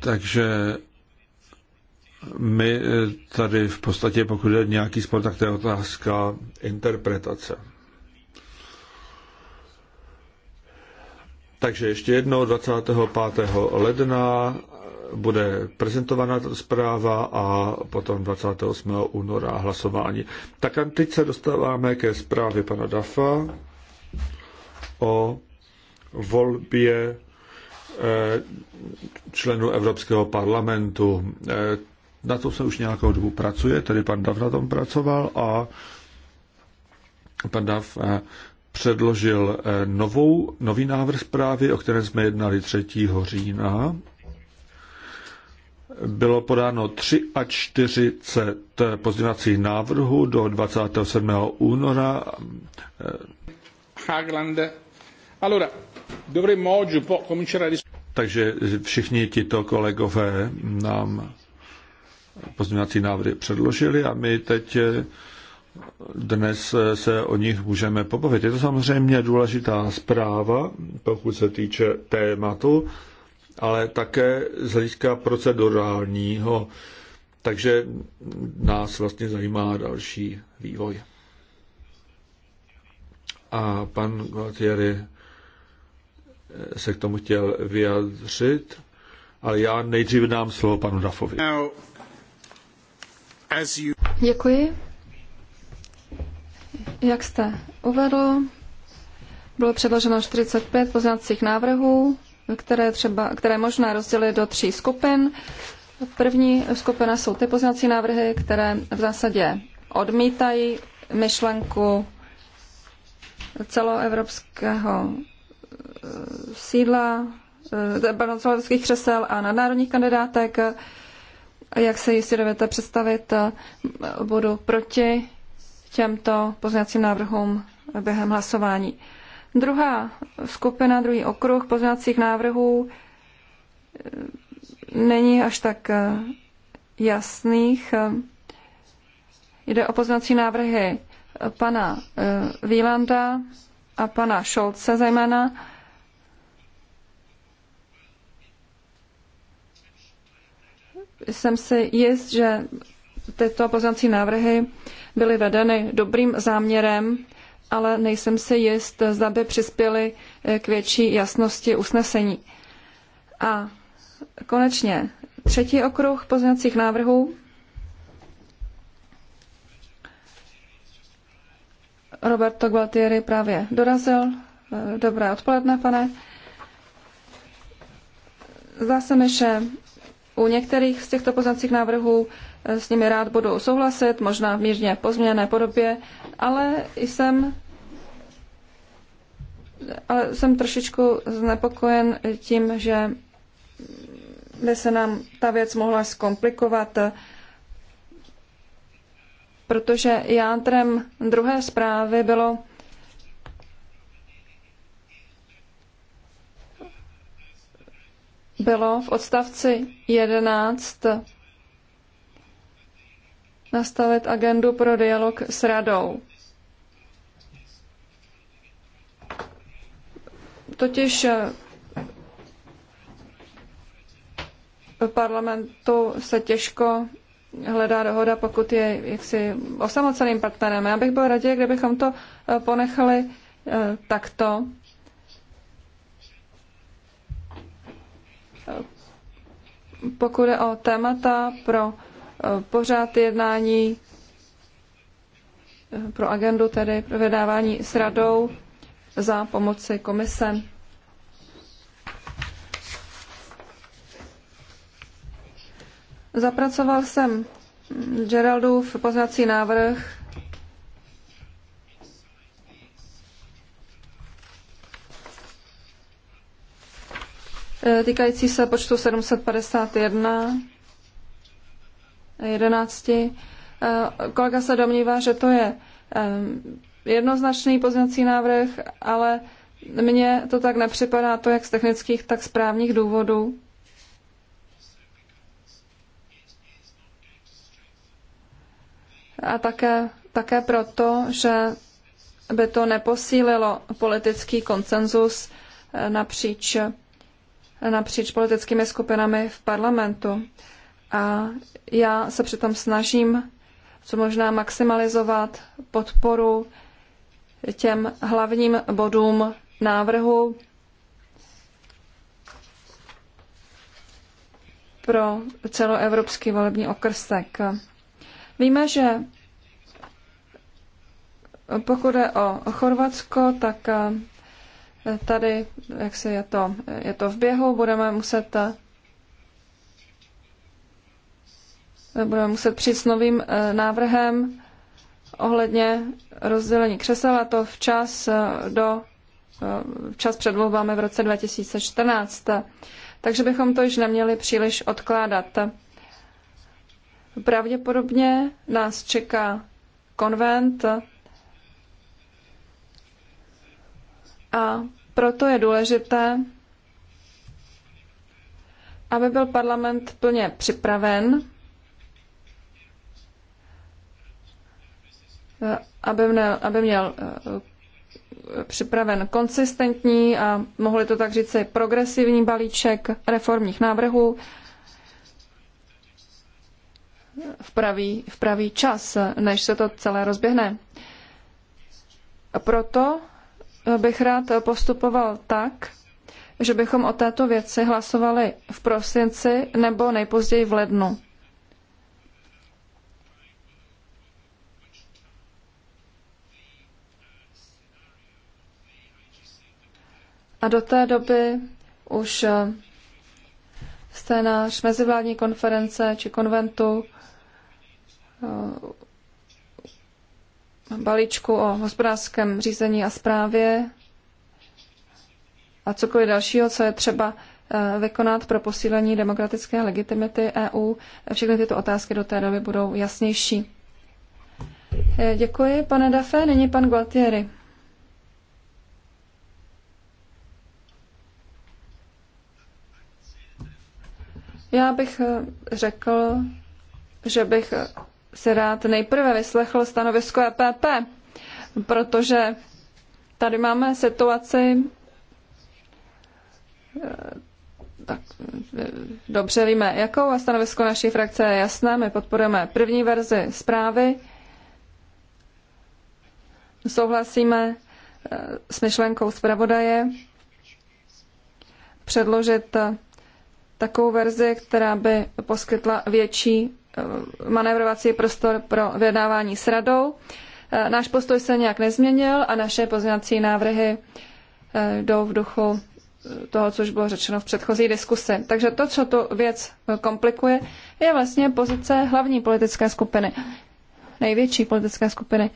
Takže my eh, tady v podstatě, pokud je nějaký spor, tak to je otázka interpretace. Takže ještě jednou 25. ledna bude prezentovaná zpráva a potom 28. února hlasování. Tak a teď se dostáváme ke zprávě pana Dafa o volbě Eh, členů Evropského parlamentu. Eh, na to se už nějakou dobu pracuje, tedy pan Dav na tom pracoval a pan Dav eh, předložil novou, nový návrh zprávy, o kterém jsme jednali 3. října. Bylo podáno 43 pozdělacích návrhů do 27. února. Hagland. Allora, takže všichni tito kolegové nám pozměňovací návrhy předložili a my teď eh, dnes eh, se o nich můžeme pobavit. Je to samozřejmě důležitá zpráva, pokud se týče tématu, ale také z hlediska procedurálního, takže nás vlastně zajímá další vývoj. A pan Gualtieri se k tomu chtěl vyjádřit, ale já nejdříve dám slovo panu Dafovi. Děkuji. Jak jste uvedl, bylo předloženo 45 poznacích návrhů, které, třeba, které možná rozdělit do tří skupin. První skupina jsou ty poznací návrhy, které v zásadě odmítají myšlenku celoevropského sídla baloncovalovských eh, křesel a nadnárodních kandidátek. Jak se jistě dovedete představit, eh, budu proti těmto pozměňovacím návrhům během hlasování. Druhá skupina, druhý okruh pozměňovacích návrhů eh, není až tak jasných. Jde o pozměňovací návrhy pana Výlanda a pana Šolce zejména jsem si jist, že tyto poznací návrhy byly vedeny dobrým záměrem, ale nejsem si jist, zda by přispěly eh, k větší jasnosti usnesení. A konečně třetí okruh poznacích návrhů. Roberto Gualtieri právě dorazil. Eh, dobré odpoledne, pane. Zdá se mi, že u některých z těchto poznacích návrhů eh, s nimi rád budu souhlasit, možná v mírně pozměněné podobě, ale jsem, ale jsem trošičku znepokojen tím, že by se nám ta věc mohla zkomplikovat, protože jádrem druhé zprávy bylo bylo v odstavci 11 nastavit agendu pro dialog s radou. Totiž eh, parlamentu se těžko hledá dohoda, pokud je jaksi osamoceným partnerem. Já bych byl raději, kdybychom to eh, ponechali eh, takto, pokud je o témata pro eh, pořád jednání, eh, pro agendu tedy pro vydávání s radou za pomoci komise. Zapracoval jsem Geraldův poznací návrh Eh, týkající se počtu 751 11. Eh, kolega se domnívá, že to je eh, jednoznačný poznací návrh, ale mně to tak nepřipadá, to jak z technických, tak z právních důvodů. A také, také proto, že by to neposílilo politický konsenzus napříč napříč politickými skupinami v parlamentu. A já se přitom snažím co možná maximalizovat podporu těm hlavním bodům návrhu pro celoevropský volební okrsek. Víme, že pokud je o Chorvatsko, tak tady, jak si je to, je to v běhu, budeme muset eh, budeme muset přijít s novým eh, návrhem ohledně rozdělení křesel a to včas eh, do včas před volbami v roce 2014. Takže bychom to již neměli příliš odkládat. Pravděpodobně nás čeká konvent A proto je důležité, aby byl parlament plně připraven, eh, aby měl, aby měl eh, připraven konsistentní a mohli to tak říct progresivní balíček reformních návrhů v pravý, v pravý čas, než se to celé rozběhne. Proto bych rád postupoval tak, že bychom o této věci hlasovali v prosinci nebo nejpozději v lednu. A do té doby už eh, scénář mezivládní konference či konventu eh, balíčku o hospodářském řízení a správě a cokoliv dalšího, co je třeba eh, vykonat pro posílení demokratické legitimity EU. Všechny tyto otázky do té doby budou jasnější. Eh, děkuji, pane Dafe. není pan Gualtieri. Já bych eh, řekl, že bych si rád nejprve vyslechl stanovisko EPP, protože tady máme situaci, eh, tak eh, dobře víme, jakou a stanovisko naší frakce je jasné. My podporujeme první verzi zprávy. Souhlasíme eh, s myšlenkou zpravodaje předložit takovou verzi, která by poskytla větší Eh, manévrovací prostor pro vyjednávání s radou. Eh, náš postoj se nějak nezměnil a naše pozměňovací návrhy eh, jdou v duchu toho, což bylo řečeno v předchozí diskusi. Takže to, co tu věc komplikuje, je vlastně pozice hlavní politické skupiny, největší politické skupiny.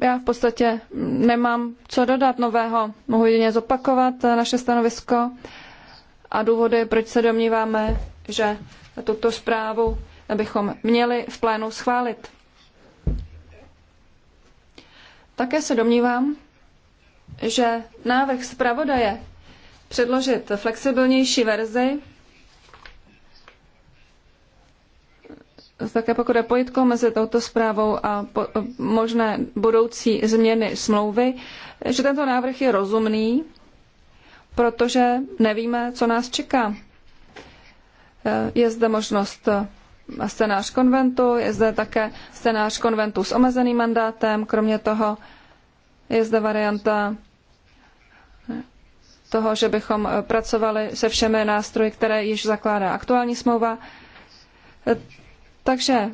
Já v podstatě mm, nemám co dodat nového. Mohu jedině zopakovat naše stanovisko a důvody, proč se domníváme, že tuto zprávu bychom měli v plénu schválit. Také se domnívám, že návrh zpravodaje předložit flexibilnější verzi, také pokud je pojitko mezi touto zprávou a po, možné budoucí změny smlouvy, že tento návrh je rozumný, protože nevíme, co nás čeká. Eh, je zde možnost eh, scénář konventu, je zde také scénář konventu s omezeným mandátem, kromě toho je zde varianta eh, toho, že bychom pracovali se všemi nástroji, které již zakládá aktuální smlouva. Takže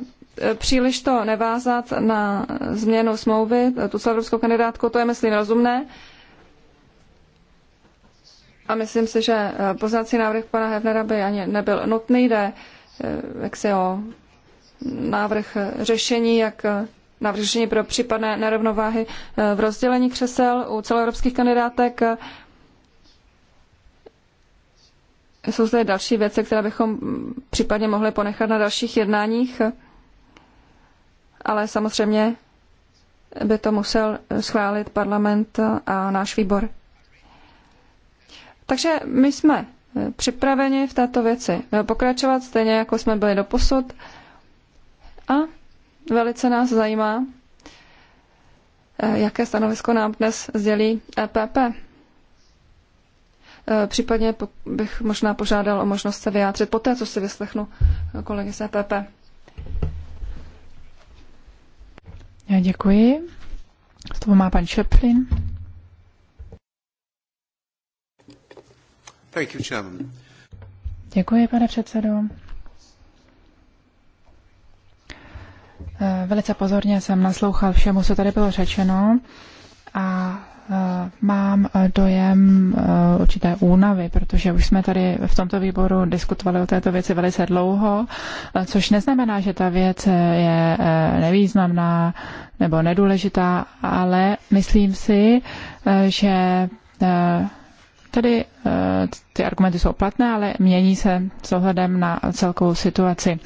příliš to nevázat na změnu smlouvy, tu celoevropskou kandidátku, to je, myslím, rozumné. A myslím si, že eh, poznací návrh pana Hevnera by ani nebyl nutný, jde eh, jak se o návrh řešení, jak eh, návrh řešení pro případné nerovnováhy v rozdělení křesel u celoevropských kandidátek. Jsou zde další věci, které bychom mm, případně mohli ponechat na dalších jednáních, ale samozřejmě by to musel schválit parlament a náš výbor. Takže my jsme eh, připraveni v této věci eh, pokračovat, stejně jako jsme byli do posud. A velice nás zajímá, eh, jaké stanovisko nám dnes sdělí EPP. Případně bych možná požádal o možnost se vyjádřit poté, co si vyslechnu kolegy z EPP. Já děkuji. Slovo má pan Šeplin. Děkuji, pane předsedo. Eh, velice pozorně jsem naslouchal všemu, co tady bylo řečeno a eh, mám eh, dojem určité únavy, protože už jsme tady v tomto výboru diskutovali o této věci velice dlouho, což neznamená, že ta věc je nevýznamná nebo nedůležitá, ale myslím si, že Tady eh, ty argumenty jsou platné, ale mění se s ohledem na celkovou situaci.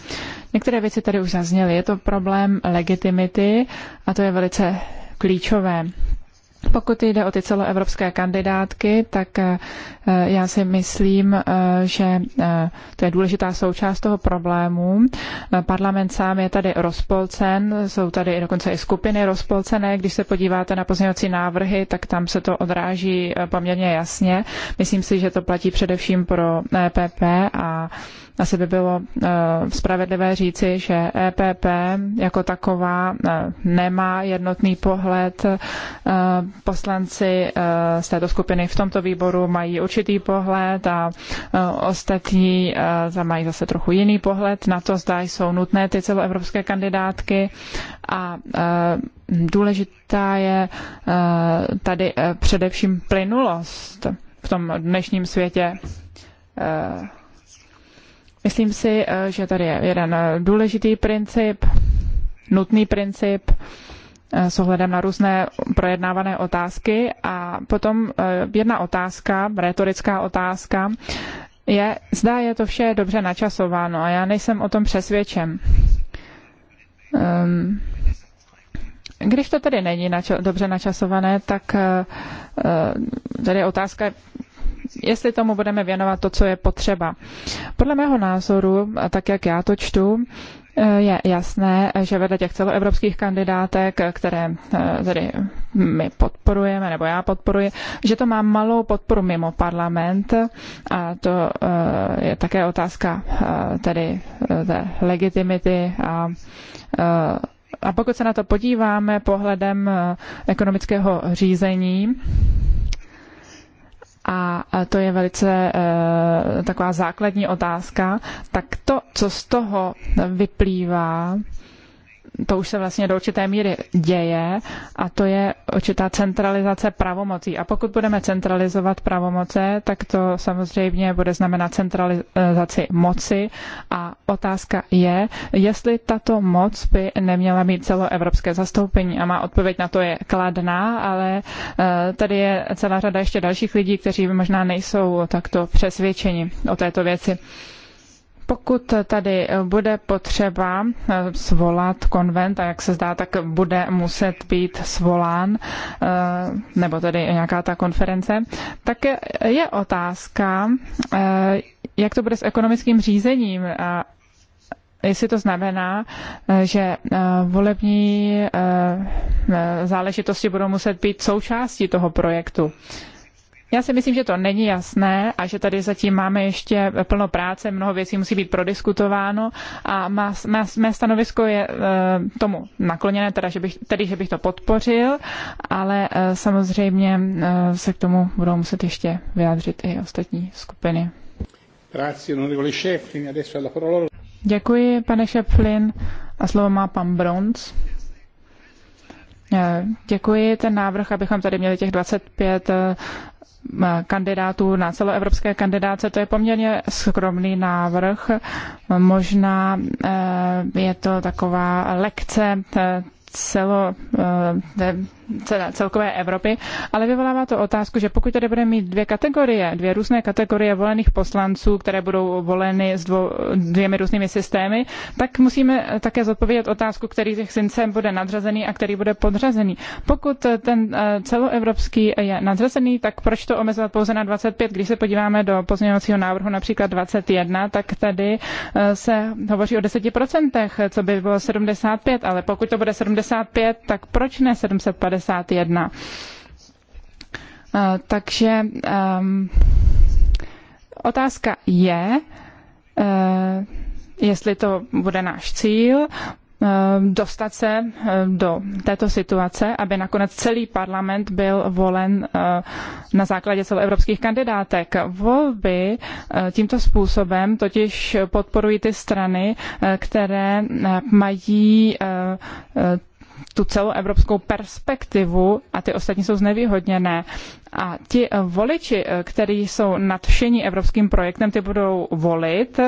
Některé věci tady už zazněly. Je to problém legitimity a to je velice klíčové. Pokud jde o ty celoevropské kandidátky, tak eh, Eh, já si myslím, eh, že eh, to je důležitá součást toho problému. Parlament sám je tady rozpolcen, jsou tady dokonce i skupiny rozpolcené. Když se podíváte na pozměňovací návrhy, tak tam se to odráží poměrně jasně. Myslím si, že to platí především pro EPP a asi by bylo spravedlivé říci, že EPP jako taková nemá jednotný pohled. Poslanci z této skupiny v tomto výboru mají určitě určitý pohled a e, ostatní tam e, mají zase trochu jiný pohled na to, zda jsou nutné ty celoevropské kandidátky a e, důležitá je tady především plynulost v tom dnešním světě. Myslím si, že tady je jeden důležitý princip, nutný princip, Eh, s ohledem na různé projednávané otázky. A potom eh, jedna otázka, retorická otázka, je, zdá je to vše dobře načasováno a já nejsem o tom přesvědčen. Ehm, když to tedy není načo- dobře načasované, tak eh, tady je otázka, jestli tomu budeme věnovat to, co je potřeba. Podle mého názoru, a tak jak já to čtu, je jasné, že vedle těch celoevropských kandidátek, které eh, tedy my podporujeme, nebo já podporuji, že to má malou podporu mimo parlament a to eh, je také otázka eh, tedy té legitimity a a pokud se na to podíváme pohledem ekonomického řízení, a to je velice e, taková základní otázka, tak to, co z toho vyplývá, to už se vlastně do určité míry děje a to je určitá centralizace pravomocí. A pokud budeme centralizovat pravomoce, tak to samozřejmě bude znamenat centralizaci moci a otázka je, jestli tato moc by neměla mít celoevropské zastoupení a má odpověď na to je kladná, ale eh, tady je celá řada ještě dalších lidí, kteří možná nejsou takto přesvědčeni o této věci. Pokud tady bude potřeba eh, svolat konvent, a jak se zdá, tak bude muset být svolán, eh, nebo tedy nějaká ta konference, tak je otázka, eh, jak to bude s ekonomickým řízením a jestli to znamená, že volební záležitosti budou muset být součástí toho projektu. Já si myslím, že to není jasné a že tady zatím máme ještě plno práce, mnoho věcí musí být prodiskutováno a má, má, mé stanovisko je e, tomu nakloněné, teda, že bych, tedy, že bych to podpořil, ale e, samozřejmě e, se k tomu budou muset ještě vyjádřit i ostatní skupiny. Děkuji, pane Šeplin. A slovo má pan Bronz. Děkuji, ten návrh, abychom tady měli těch 25 Eh, kandidátů na celoevropské kandidáce, to je poměrně skromný návrh. Možná eh, je to taková lekce eh, celo, celé, celkové Evropy, ale vyvolává to otázku, že pokud tady budeme mít dvě kategorie, dvě různé kategorie volených poslanců, které budou voleny s dvou, dvěmi různými systémy, tak musíme také zodpovědět otázku, který těch syncem bude nadřazený a který bude podřazený. Pokud ten eh, celoevropský je nadřazený, tak proč to omezovat pouze na 25? Když se podíváme do pozměňovacího návrhu například 21, tak tady eh, se hovoří o 10%, co by bylo 75, ale pokud to bude 75, tak proč ne 750? 151. Takže um, otázka je, uh, jestli to bude náš cíl, dostat se do této situace, aby nakonec celý parlament byl volen na základě celoevropských kandidátek. Volby tímto způsobem totiž podporují ty strany, které mají tu celou evropskou perspektivu a ty ostatní jsou znevýhodněné. A ti voliči, eh, kteří jsou nadšení evropským projektem, ty budou volit,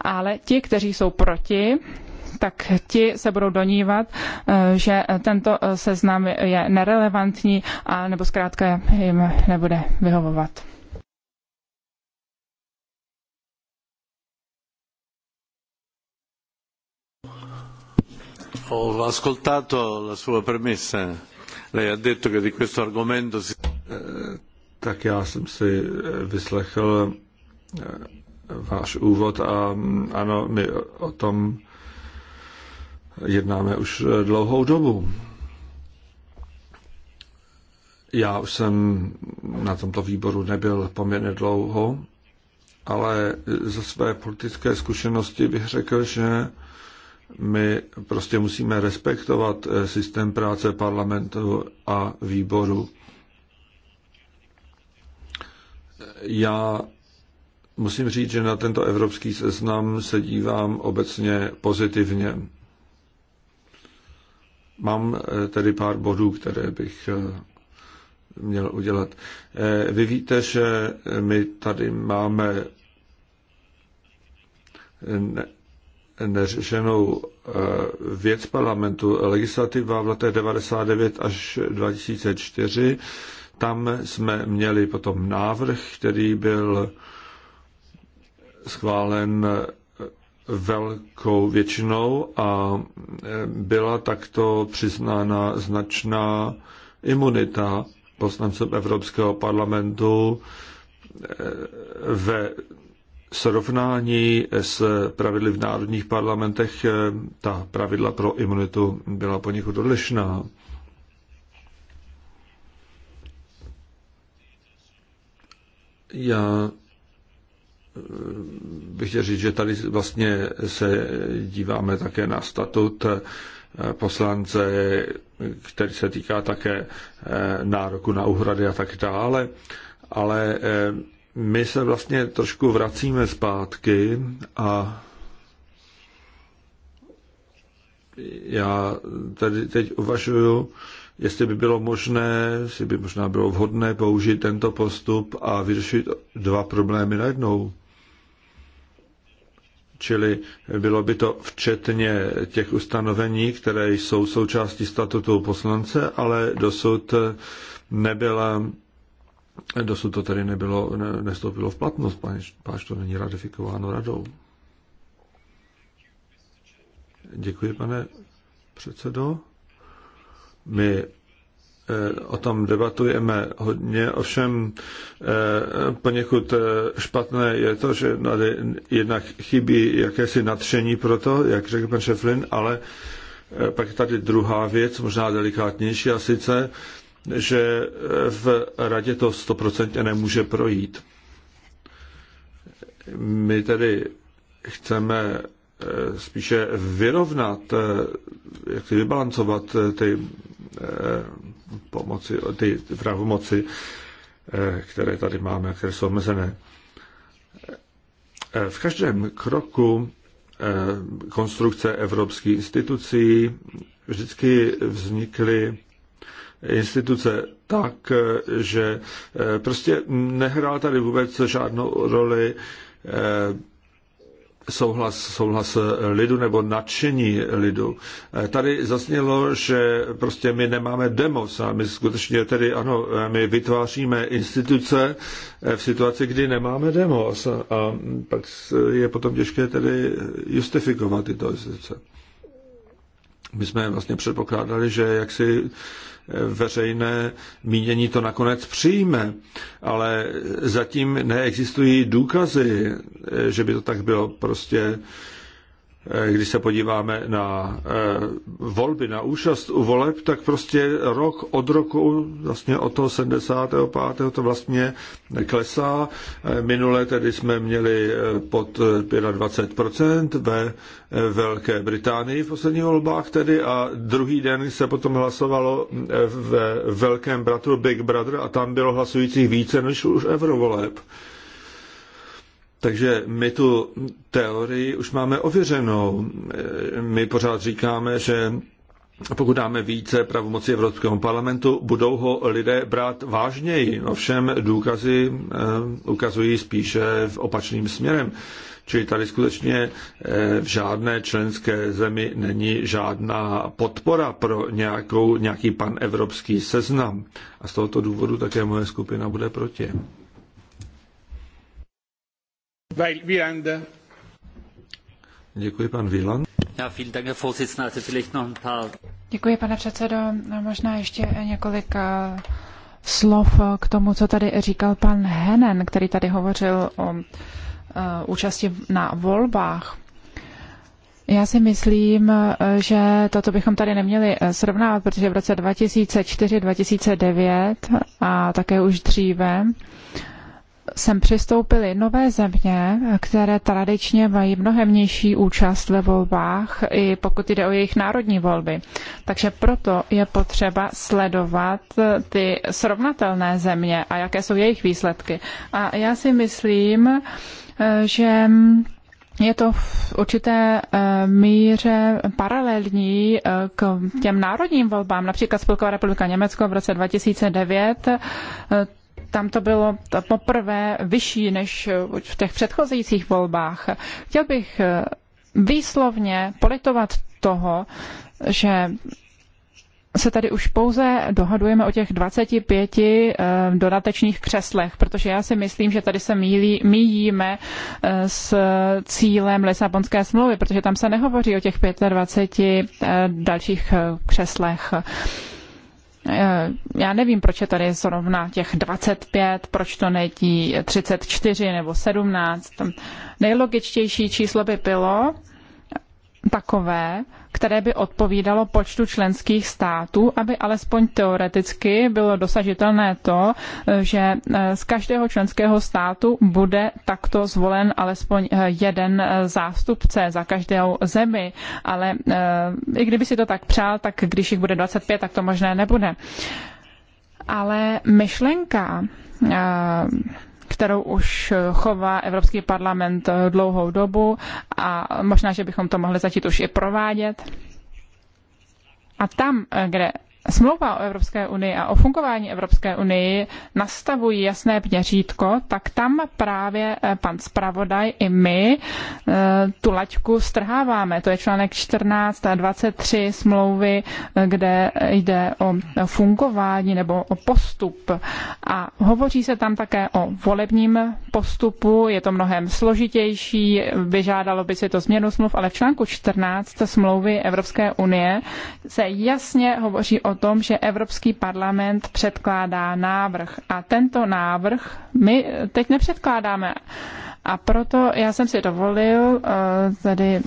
ale ti, kteří jsou proti, tak ti se budou donívat, eh, že tento eh, seznam je nerelevantní a nebo zkrátka jim nebude vyhovovat. Ho ascoltato la sua premessa. Lei ha detto che di questo argomento si... Eh, tak já jsem si eh, vyslechl eh, váš úvod a mm, ano, my o tom jednáme už dlouhou dobu. Já už jsem na tomto výboru nebyl poměrně dlouho, ale ze své politické zkušenosti bych řekl, že my prostě musíme respektovat eh, systém práce parlamentu a výboru. Já musím říct, že na tento evropský seznam se dívám obecně pozitivně. Mám eh, tedy pár bodů, které bych eh, měl udělat. Vy víte, že my tady máme neřešenou eh, věc parlamentu. Legislativa v letech 99 až 2004, tam jsme měli potom návrh, který byl schválen eh, velkou většinou a eh, byla takto přiznána značná imunita poslancům Evropského parlamentu ve srovnání s pravidly v národních parlamentech eh, ta pravidla pro imunitu byla poněkud odlišná. Já eh, bych chtěl říct, že tady vlastně se díváme také na statut eh, poslance, který se týká také nároku na úhrady a tak dále, ale my se vlastně trošku vracíme zpátky a já tady teď uvažuju, jestli by bylo možné, jestli by možná bylo vhodné použít tento postup a vyřešit dva problémy najednou. Čili bylo by to včetně těch ustanovení, které jsou součástí statutu poslance, ale dosud nebyla Dosud to tedy nebylo, ne, nestoupilo v platnost, páč to není ratifikováno radou. Děkuji, pane předsedo. My eh, o tom debatujeme hodně, ovšem eh, poněkud eh, špatné je to, že tady jednak chybí jakési natření pro to, jak řekl pan Šeflin, ale pak tady druhá věc, možná delikátnější a sice že v radě to stoprocentně nemůže projít. My tedy chceme eh, spíše vyrovnat, eh, jak si vybalancovat eh, ty pomoci, ty pravomoci, které tady máme, které jsou omezené. V každém kroku konstrukce evropských institucí vždycky vznikly instituce tak, že eh, prostě nehrál tady vůbec žádnou roli eh, souhlas, souhlas lidu nebo nadšení lidu. Eh, tady zasnělo, že prostě my nemáme demos a my skutečně tedy ano, my vytváříme instituce v situaci, kdy nemáme demos a pak je potom těžké tedy justifikovat tyto instituce. My jsme vlastně předpokládali, že jak si veřejné mínění to nakonec přijme, ale zatím neexistují důkazy, že by to tak bylo. Prostě Eh, když se podíváme na eh, volby, na účast u voleb, tak prostě rok od roku, vlastně od toho 75. to vlastně klesá. Eh, minule tedy jsme měli pod 25% ve Velké Británii v posledních volbách tedy a druhý den se potom hlasovalo ve Velkém bratru Big Brother a tam bylo hlasujících více než už eurovoleb. voleb. Takže my tu teorii už máme ověřenou. My pořád říkáme, že pokud dáme více pravomoci Evropskému parlamentu, budou ho lidé brát vážněji. Ovšem důkazy eh, ukazují spíše v opačným směrem. Čili tady skutečně eh, v žádné členské zemi není žádná podpora pro nějakou, nějaký panevropský seznam. A z tohoto důvodu také moje skupina bude proti. Děkuji, pan Wieland. Děkuji, pane předsedo. Možná ještě několik eh, slov eh, k tomu, co tady říkal pan Henen, který tady hovořil o eh, účasti na volbách. Já si myslím, že toto bychom tady neměli srovnávat, protože v roce 2004-2009 a také už dříve sem přistoupily nové země, které tradičně mají mnohem nižší účast ve volbách, i pokud jde o jejich národní volby. Takže proto je potřeba sledovat eh, ty srovnatelné země a jaké jsou jejich výsledky. A já si myslím, eh, že je to v určité eh, míře paralelní k těm národním volbám. Například Spolková republika Německo v roce 2009 tam to bylo poprvé vyšší než v těch předchozích volbách. Chtěl bych eh, výslovně politovat toho, že se tady už pouze dohadujeme o těch 25 eh, dodatečných křeslech, protože já si myslím, že tady se míjíme eh, s cílem Lisabonské smlouvy, protože tam se nehovoří o těch 25 dalších křeslech. Eh, já nevím, proč je tady zrovna těch 25, proč to nejtí 34 nebo 17. Nejlogičtější číslo by bylo takové, které by odpovídalo počtu členských států, aby alespoň teoreticky bylo dosažitelné to, eh, že eh, z každého členského státu bude takto zvolen alespoň eh, jeden zástupce za každou zemi, ale i kdyby si to tak přál, tak když jich bude 25, tak to možné nebude. Ale myšlenka kterou už chová Evropský parlament dlouhou dobu a možná, že bychom to mohli začít už i provádět. A tam, kde smlouva o Evropské unii a o fungování Evropské unii nastavují jasné měřítko, tak tam právě eh, pan zpravodaj i my eh, tu laťku strháváme. To je článek 14 a 23 smlouvy, eh, kde jde o fungování nebo o postup. A hovoří se tam také o volebním postupu, je to mnohem složitější, vyžádalo by si to změnu smluv, ale v článku 14 smlouvy Evropské unie se jasně hovoří o tom, že Evropský parlament předkládá návrh. A tento návrh my teď nepředkládáme. A proto já jsem si dovolil eh, tady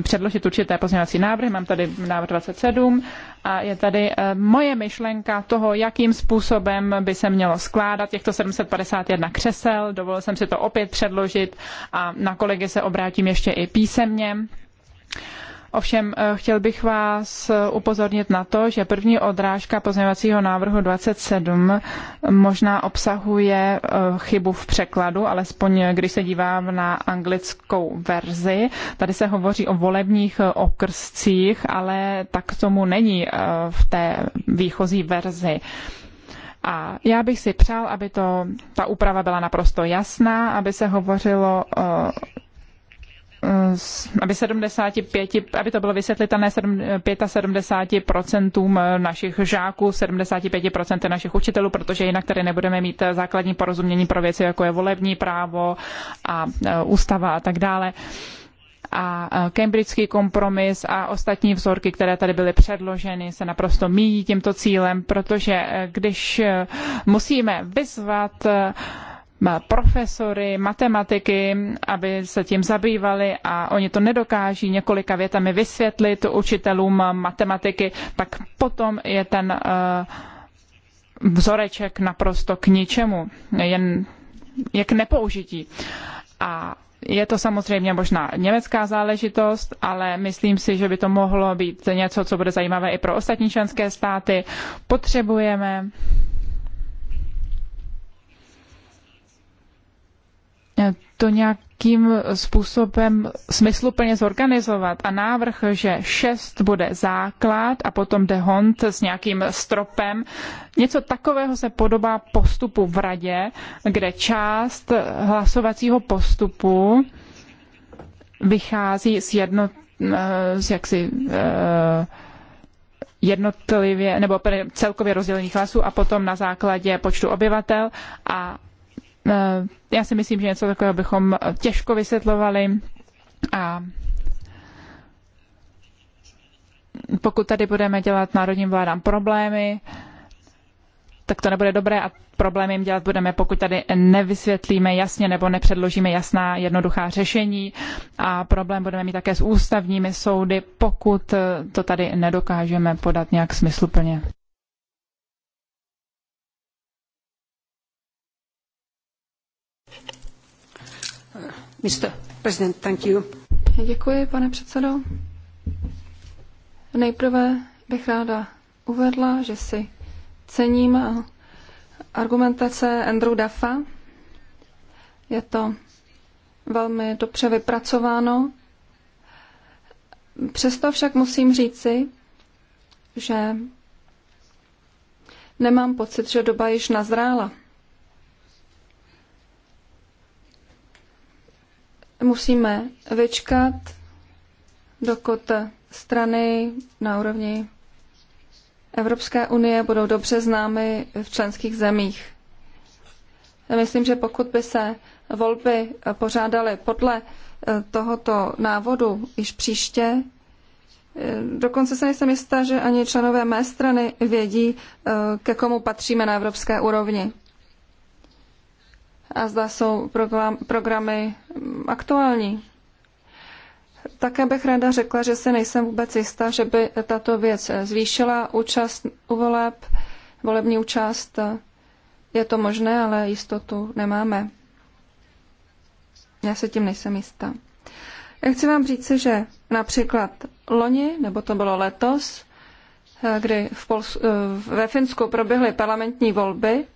eh, předložit určité pozměňovací návrhy. Mám tady návrh 27 a je tady eh, moje myšlenka toho, jakým způsobem by se mělo skládat těchto 751 křesel. Dovolil jsem si to opět předložit a na kolegy se obrátím ještě i písemně. Ovšem eh, chtěl bych vás upozornit na to, že první odrážka pozměňovacího návrhu 27 možná obsahuje eh, chybu v překladu, alespoň eh, když se dívám na anglickou verzi. Tady se hovoří o volebních okrscích, ale tak tomu není v té výchozí verzi. A já bych si přál, aby to, ta úprava byla naprosto jasná, aby se hovořilo aby, 75, aby to bylo vysvětlitelné 75% eh, našich žáků, 75% našich učitelů, protože jinak tady nebudeme mít eh, základní porozumění pro věci, jako je volební právo a eh, ústava a tak dále a Cambridgeský kompromis a ostatní vzorky, které tady byly předloženy, se naprosto míjí tímto cílem, protože když musíme vyzvat profesory, matematiky, aby se tím zabývali a oni to nedokáží několika větami vysvětlit učitelům matematiky, tak potom je ten eh, vzoreček naprosto k ničemu, jen je k nepoužití. A je to samozřejmě možná německá záležitost, ale myslím si, že by to mohlo být něco, co bude zajímavé i pro ostatní členské státy. Potřebujeme to nějakým způsobem smysluplně zorganizovat. A návrh, že šest bude základ a potom jde hond s nějakým stropem, něco takového se podobá postupu v radě, kde část hlasovacího postupu vychází z jedno, z jaksi eh, jednotlivě nebo celkově rozdělených hlasů a potom na základě počtu obyvatel a Eh, já si myslím, že něco takového bychom eh, těžko vysvětlovali a pokud tady budeme dělat národním vládám problémy, tak to nebude dobré a problémy jim dělat budeme, pokud tady nevysvětlíme jasně nebo nepředložíme jasná jednoduchá řešení a problém budeme mít také s ústavními soudy, pokud eh, to tady nedokážeme podat nějak smysluplně. Děkuji, pane předsedo. Nejprve bych ráda uvedla, že si cením argumentace Andrew Duffa. Je to velmi dobře vypracováno. Přesto však musím říci, že nemám pocit, že doba již nazrála. musíme vyčkat, dokud strany na úrovni Evropské unie budou dobře známy v členských zemích. Myslím, že pokud by se volby pořádaly podle eh, tohoto návodu již příště, eh, dokonce se nejsem jistá, že ani členové mé strany vědí, eh, ke komu patříme na evropské úrovni a zda jsou programy aktuální. Také bych ráda řekla, že si nejsem vůbec jistá, že by tato věc zvýšila účast u voleb, volební účast. Je to možné, ale jistotu nemáme. Já se tím nejsem jistá. Já chci vám říci, že například loni, nebo to bylo letos, eh, kdy v Pols- eh, ve Finsku proběhly parlamentní volby,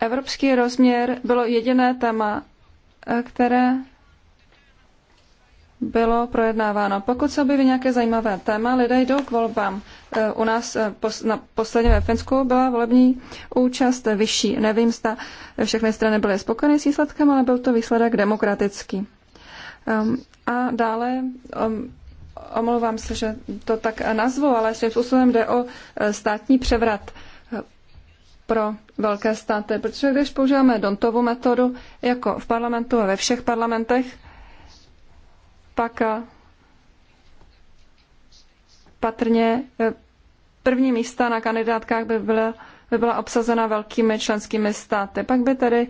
Evropský rozměr bylo jediné téma, eh, které bylo projednáváno. Pokud se objeví nějaké zajímavé téma, lidé jdou k volbám. Eh, u nás eh, na posledně ve Finsku byla volební účast vyšší. Nevím, zda všechny strany byly spokojeny s výsledkem, ale byl to výsledek demokratický. Ehm, a dále, ehm, omlouvám se, že to tak nazvu, ale svým způsobem jde o státní převrat pro velké státy, protože když používáme Dontovu metodu, jako v parlamentu a ve všech parlamentech, pak eh, patrně eh, první místa na kandidátkách by byla, by byla obsazena velkými členskými státy. Pak by tedy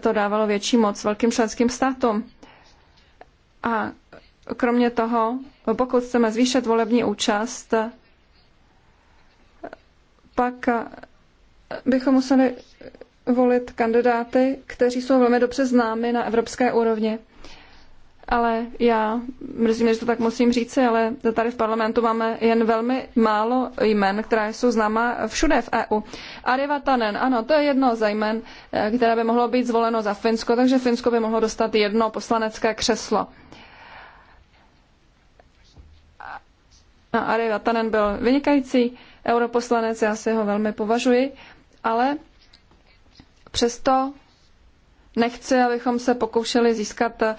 to dávalo větší moc velkým členským státům. A kromě toho, pokud chceme zvýšit volební účast, pak bychom museli volit kandidáty, kteří jsou velmi dobře známi na evropské úrovni. Ale já, mrzím, že to tak musím říci, ale tady v parlamentu máme jen velmi málo jmen, která jsou známa všude v EU. Areva Tanen, ano, to je jedno ze jmen, eh, které by mohlo být zvoleno za Finsko, takže Finsko by mohlo dostat jedno poslanecké křeslo. A Areva Tanen byl vynikající europoslanec, já si ho velmi považuji ale přesto nechci, abychom se pokoušeli získat eh,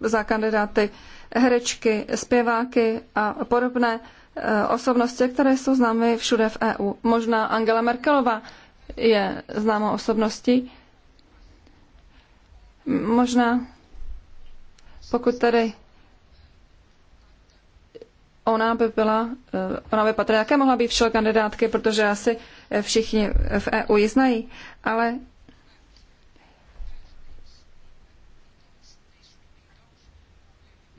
za kandidáty herečky, zpěváky a podobné eh, osobnosti, které jsou známy všude v EU. Možná Angela Merkelová je známou osobností. Možná, pokud tedy ona by byla, eh, ona by patrila, jaké mohla být všel kandidátky, protože asi všichni v EU ji znají, ale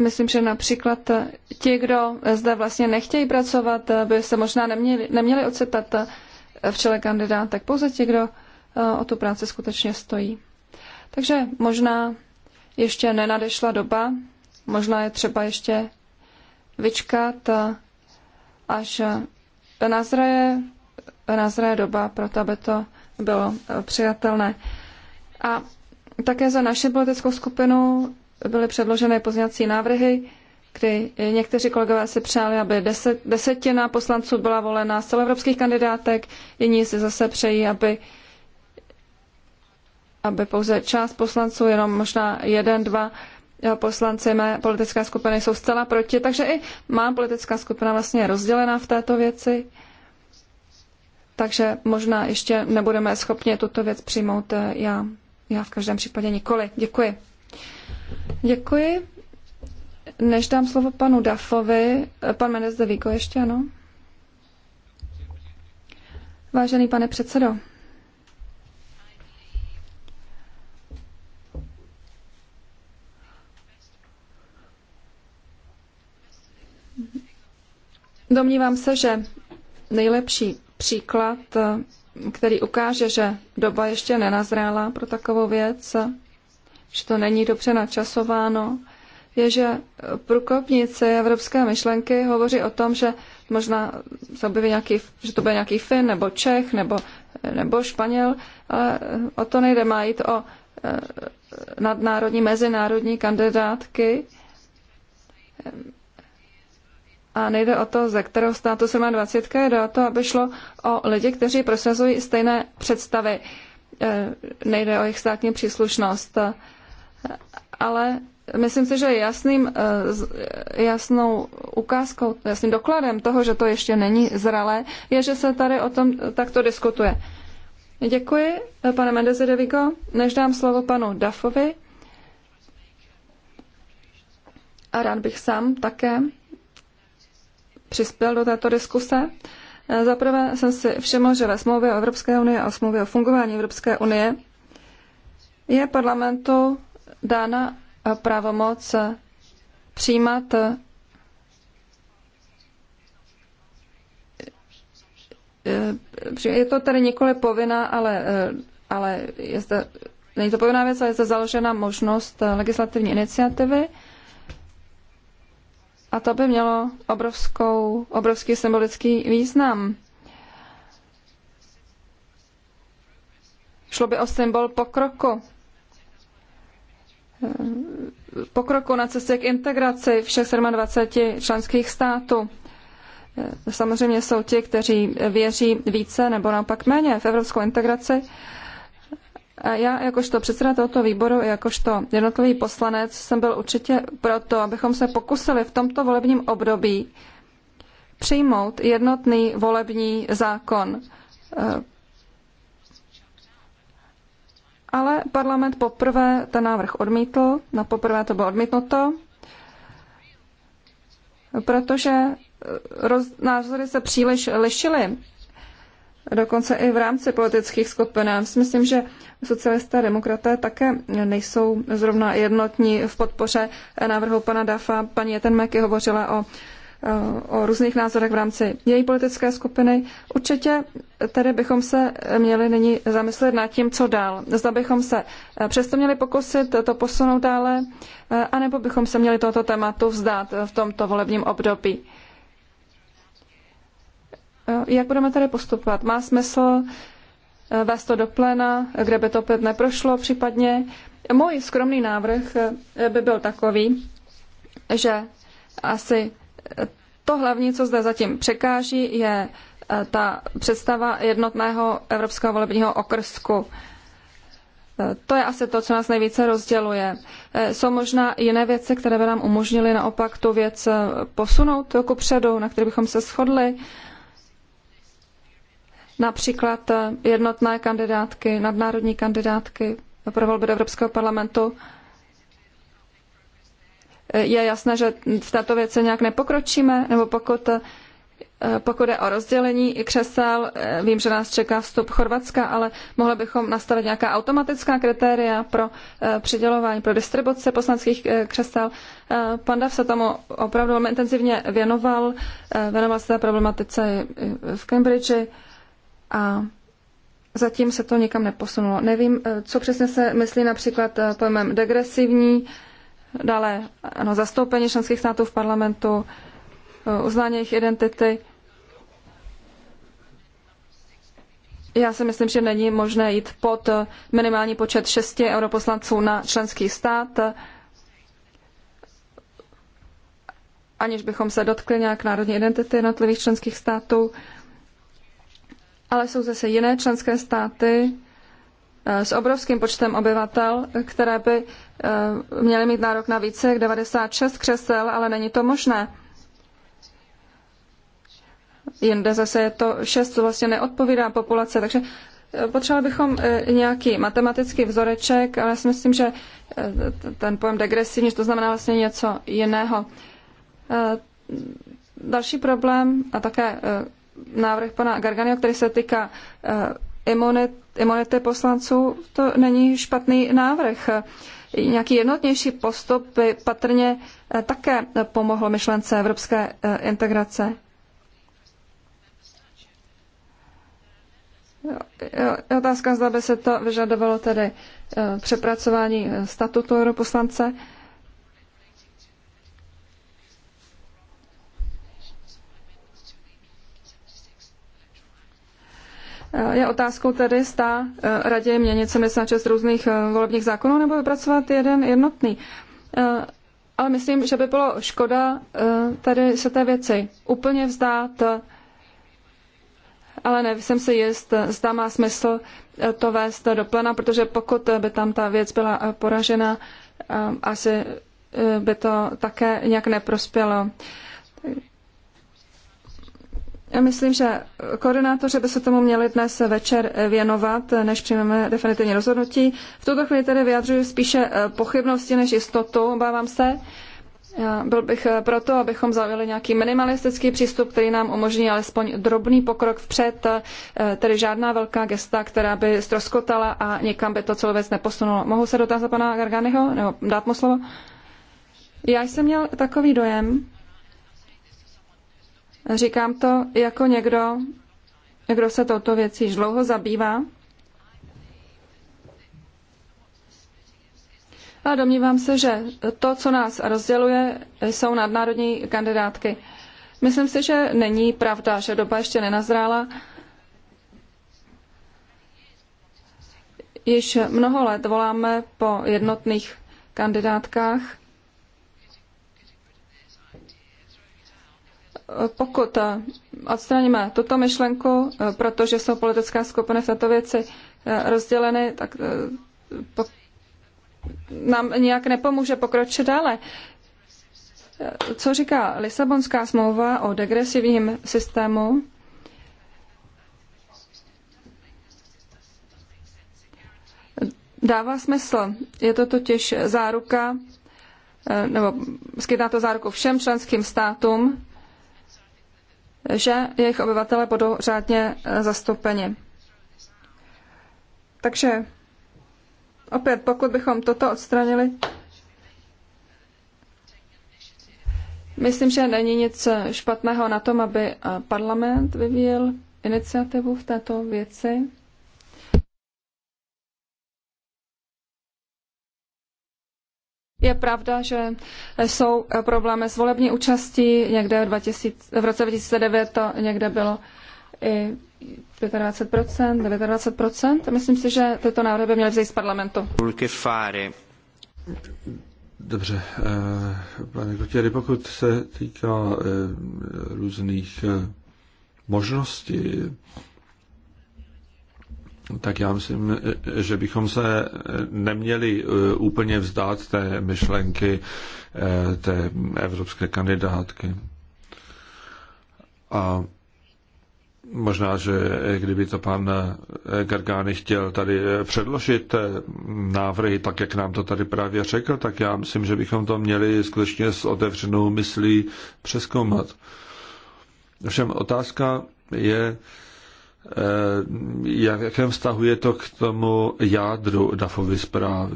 Myslím, že například ti, kdo zde vlastně nechtějí pracovat, by se možná neměli, neměli ocitat v čele tak Pouze ti, kdo eh, o tu práci skutečně stojí. Takže možná ještě nenadešla doba, možná je třeba ještě vyčkat, eh, až nazraje nazraje doba proto aby to bylo eh, přijatelné. A také za naši politickou skupinu byly předloženy pozněcí návrhy, kdy někteří kolegové si přáli, aby deset, desetina poslanců byla volena z celoevropských kandidátek, jiní si zase přejí, aby, aby pouze část poslanců, jenom možná jeden, dva eh, poslanci mé politické skupiny jsou zcela proti, takže i má politická skupina vlastně je rozdělená v této věci takže možná ještě nebudeme schopni tuto věc přijmout. Eh, já, já v každém případě nikoli. Děkuji. Děkuji. Než dám slovo panu Dafovi, eh, pan Menez de Vico ještě, ano? Vážený pane předsedo, Domnívám se, že nejlepší příklad, který ukáže, že doba ještě nenazrála pro takovou věc, že to není dobře načasováno, je, že průkopníci evropské myšlenky hovoří o tom, že možná se objeví nějaký, že to bude nějaký Fin nebo Čech nebo, nebo Španěl, ale o to nejde, má jít o eh, nadnárodní, mezinárodní kandidátky, a nejde o to, ze kterého státu se má dvacítka, jde o to, aby šlo o lidi, kteří prosazují stejné představy. E, nejde o jejich státní příslušnost. Ale myslím si, že jasným, e, e, jasnou ukázkou, jasným dokladem toho, že to ještě není zralé, je, že se tady o tom takto diskutuje. Děkuji, pane Mendeze de Vigo. Než dám slovo panu Dafovi, a rád bych sám také přispěl do této diskuse. Eh, zaprvé jsem si všiml, že ve smlouvě o Evropské unie a smlouvě o fungování Evropské unie je parlamentu dána eh, pravomoc eh, přijímat je to tady nikoli povinná, ale, ale je zde, není to povinná věc, ale je zde založena možnost legislativní iniciativy. A to by mělo obrovskou, obrovský symbolický význam. Šlo by o symbol pokroku. Pokroku na cestě k integraci všech 27 členských států. Samozřejmě jsou ti, kteří věří více nebo naopak méně v evropskou integraci, já jakožto předseda tohoto výboru, i jakožto jednotlivý poslanec jsem byl určitě proto, abychom se pokusili v tomto volebním období přijmout jednotný volební zákon. Eh, ale parlament poprvé ten návrh odmítl, na no, poprvé to bylo odmítnuto, protože eh, roz, názory se příliš lišily dokonce i v rámci politických skupin. Já si myslím, že socialisté a demokraté také nejsou zrovna jednotní v podpoře návrhu pana Dafa. Paní Jetenmeky hovořila o o různých názorech v rámci její politické skupiny. Určitě tady bychom se měli nyní zamyslet nad tím, co dál. Zda bychom se přesto měli pokusit to posunout dále, anebo bychom se měli tohoto tématu vzdát v tomto volebním období. Eh, jak budeme tady postupovat? Má smysl eh, vést to do pléna, kde by to opět neprošlo případně? Můj skromný návrh eh, by byl takový, že asi to hlavní, co zde zatím překáží, je ta představa jednotného evropského volebního okrsku. To je asi to, co nás nejvíce rozděluje. Jsou možná jiné věci, které by nám umožnily naopak tu věc posunout ku předu, na které bychom se shodli například eh, jednotné kandidátky, nadnárodní kandidátky pro volby do Evropského parlamentu. Eh, je jasné, že v této věci nějak nepokročíme, nebo pokud, eh, pokud je o rozdělení křesel, vím, že nás čeká vstup Chorvatska, ale mohli bychom nastavit nějaká automatická kritéria pro přidělování, pro distribuci poslanských křesel. Pan Dav se tomu opravdu velmi intenzivně věnoval, věnoval se té problematice v Cambridge a zatím se to nikam neposunulo. Nevím, eh, co přesně se myslí například eh, pojmem degresivní, dále ano, zastoupení členských států v parlamentu, eh, uznání jejich identity. Já si myslím, že není možné jít pod minimální počet šesti europoslanců na členský stát, aniž bychom se dotkli nějak národní identity jednotlivých členských států ale jsou zase jiné členské státy eh, s obrovským počtem obyvatel, které by eh, měly mít nárok na více jak 96 křesel, ale není to možné. Jinde zase je to 6, co vlastně neodpovídá populace, takže eh, Potřebovali bychom nějaký matematický vzoreček, ale já si myslím, že ten pojem degresivní, to znamená vlastně něco jiného. Další problém a také návrh pana Garganio, který se týká eh, imunity, imunity poslanců, to není špatný návrh. Nějaký jednotnější postup by patrně eh, také pomohl myšlence evropské eh, integrace. Je otázka, zda by se to vyžadovalo tedy přepracování statutu europoslance. poslance. Je otázkou tedy, zda eh, raději měnit 76 různých eh, volebních zákonů nebo vypracovat jeden jednotný. Eh, ale myslím, že by bylo škoda tady se té věci úplně vzdát, ale nevím si jist, zda má smysl to vést do plena, protože pokud by tam ta věc byla poražena, asi by to také nějak neprospělo. Já myslím, že koordinátoři by se tomu měli dnes večer věnovat, než přijmeme definitivní rozhodnutí. V tuto chvíli tedy vyjadřuji spíše eh, pochybnosti než jistotu, obávám se. Já byl bych eh, proto, abychom zaujali nějaký minimalistický přístup, který nám umožní alespoň drobný pokrok vpřed, eh, tedy žádná velká gesta, která by stroskotala a někam by to celou věc neposunulo. Mohu se dotázat pana Garganiho, nebo dát mu slovo? Já jsem měl takový dojem, Říkám to jako někdo, kdo se touto věcí již dlouho zabývá. A domnívám se, že to, co nás rozděluje, jsou nadnárodní kandidátky. Myslím si, že není pravda, že doba ještě nenazrála. Již mnoho let voláme po jednotných kandidátkách pokud eh, odstraníme tuto myšlenku, eh, protože jsou politické skupiny v této věci eh, rozděleny, tak nám nijak nepomůže pokročit dále. Co říká Lisabonská smlouva o degresivním systému? Dává smysl. Je to totiž záruka, nebo skytá to záruku všem členským státům, že jejich obyvatele budou řádně eh, zastoupeni. Takže opět, pokud bychom toto odstranili, myslím, že není nic eh, špatného na tom, aby eh, parlament vyvíjel iniciativu v této věci. Je pravda, že jsou problémy s volební účastí. Někde v, 2000, v roce 2009 to někde bylo i 25%, 29%. Myslím si, že tyto návrhy by měly vzít z parlamentu. Dobře, eh, pane Kotěry, pokud se týká eh, různých eh, možností, tak já myslím, že bychom se neměli eh, úplně vzdát té myšlenky eh, té evropské kandidátky. A možná, že kdyby to pan eh, Gargány chtěl tady předložit návrhy, tak jak nám to tady právě řekl, tak já myslím, že bychom to měli skutečně s otevřenou myslí přeskoumat. Všem otázka je, Eh, jakém vztahu je to k tomu jádru DAFovy zprávy.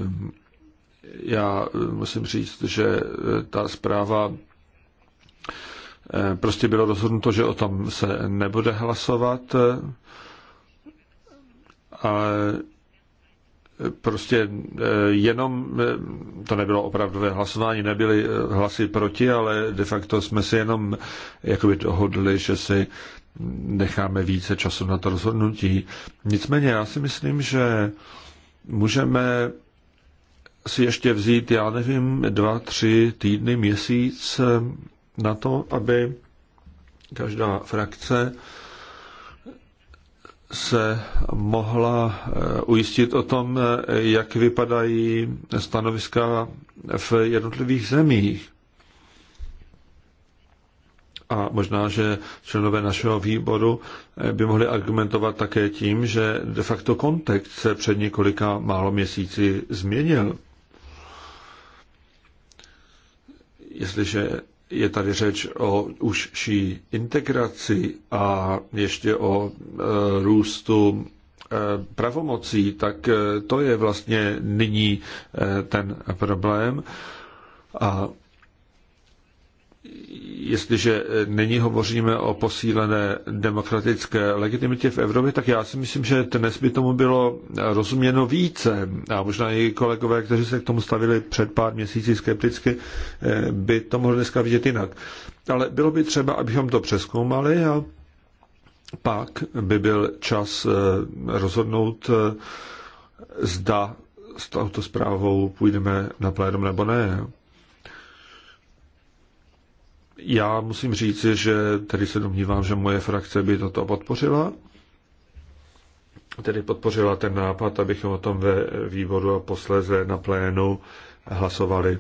Já eh, musím říct, že eh, ta zpráva prostě bylo rozhodnuto, že o tom se nebude hlasovat, ale prostě jenom, to nebylo opravdové hlasování, nebyly hlasy proti, ale de facto jsme si jenom jakoby dohodli, že si necháme více času na to rozhodnutí. Nicméně já si myslím, že můžeme si ještě vzít, já nevím, dva, tři týdny, měsíc na to, aby každá frakce se mohla eh, ujistit o tom, eh, jak vypadají stanoviska v jednotlivých zemích. A možná, že členové našeho výboru eh, by mohli argumentovat také tím, že de facto kontext se před několika málo měsíci změnil. Jestliže je tady řeč o užší integraci a ještě o e, růstu e, pravomocí, tak e, to je vlastně nyní e, ten problém. A jestliže nyní hovoříme o posílené demokratické legitimitě v Evropě, tak já si myslím, že dnes by tomu bylo rozuměno více. A možná i kolegové, kteří se k tomu stavili před pár měsíci skepticky, by to mohli dneska vidět jinak. Ale bylo by třeba, abychom to přeskoumali a pak by byl čas eh, rozhodnout, eh, zda s touto zprávou půjdeme na plénum nebo ne. Já musím říct, že tedy se domnívám, že moje frakce by toto podpořila. Tedy podpořila ten nápad, abychom o tom ve výboru a posléze na plénu hlasovali.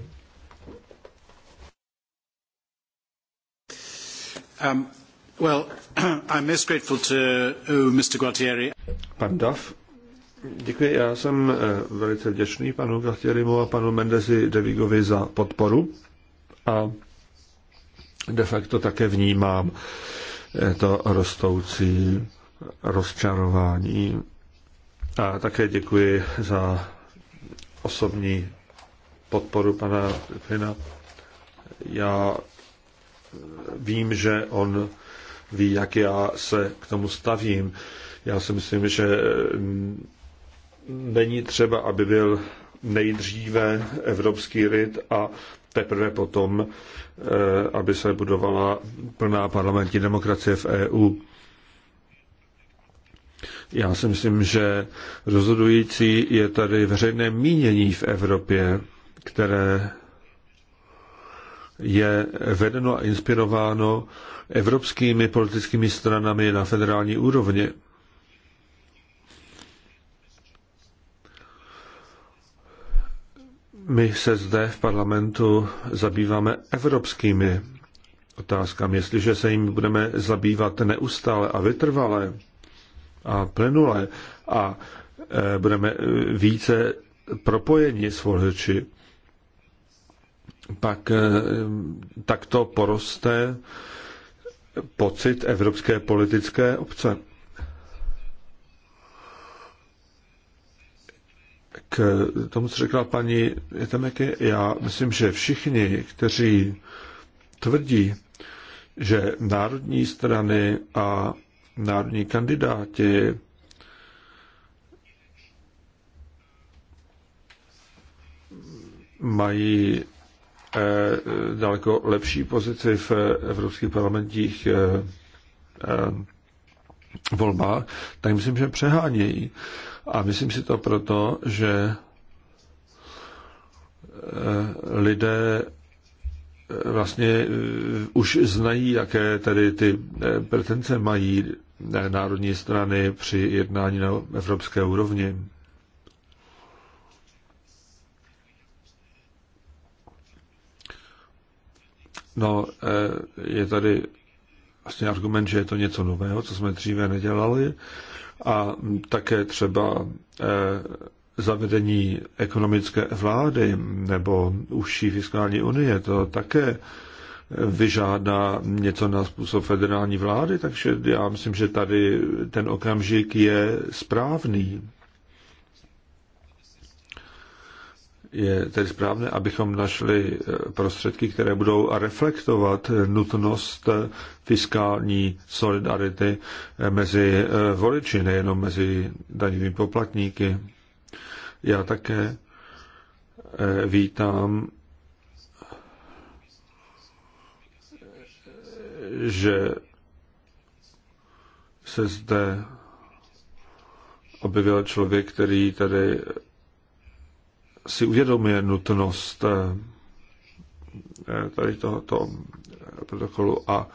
Um, well, I'm most grateful to uh, Mr. Gualtieri. Pan Duff. Děkuji, já jsem uh, velice vděčný panu Gualtierimu a panu Mendezi Devigovi za podporu. A de facto také vnímám eh, to rostoucí rozčarování. A také děkuji za osobní podporu pana Fina. Já vím, že on ví, jak já se k tomu stavím. Já si myslím, že mm, není třeba, aby byl nejdříve evropský lid a teprve potom, eh, aby se budovala plná parlamentní demokracie v EU. Já si myslím, že rozhodující je tady veřejné mínění v Evropě, které je vedeno a inspirováno evropskými politickými stranami na federální úrovni. My se zde v parlamentu zabýváme evropskými otázkami. Jestliže se jim budeme zabývat neustále a vytrvale a plenule a e, budeme e, více propojeni s voliči, pak e, takto poroste pocit evropské politické obce. k tomu, co řekla paní Temeky, já myslím, že všichni, kteří tvrdí, že národní strany a národní kandidáti mají eh, daleko lepší pozici v evropských parlamentních eh, eh, volbách, tak myslím, že přehánějí. A myslím si to proto, že eh, lidé eh, vlastně eh, už znají, jaké tedy ty pretence mají národní strany při jednání na evropské úrovni. No, je tady vlastně argument, že je to něco nového, co jsme dříve nedělali a také třeba eh, zavedení ekonomické vlády nebo užší fiskální unie, to také vyžádá něco na způsob federální vlády, takže já myslím, že tady ten okamžik je správný. je tedy správné, abychom našli eh, prostředky, které budou reflektovat eh, nutnost eh, fiskální solidarity mezi voliči, nejenom mezi daňovými poplatníky. Já také vítám, že se zde objevil člověk, který tady si uvědomuje nutnost eh, eh, tady tohoto protokolu a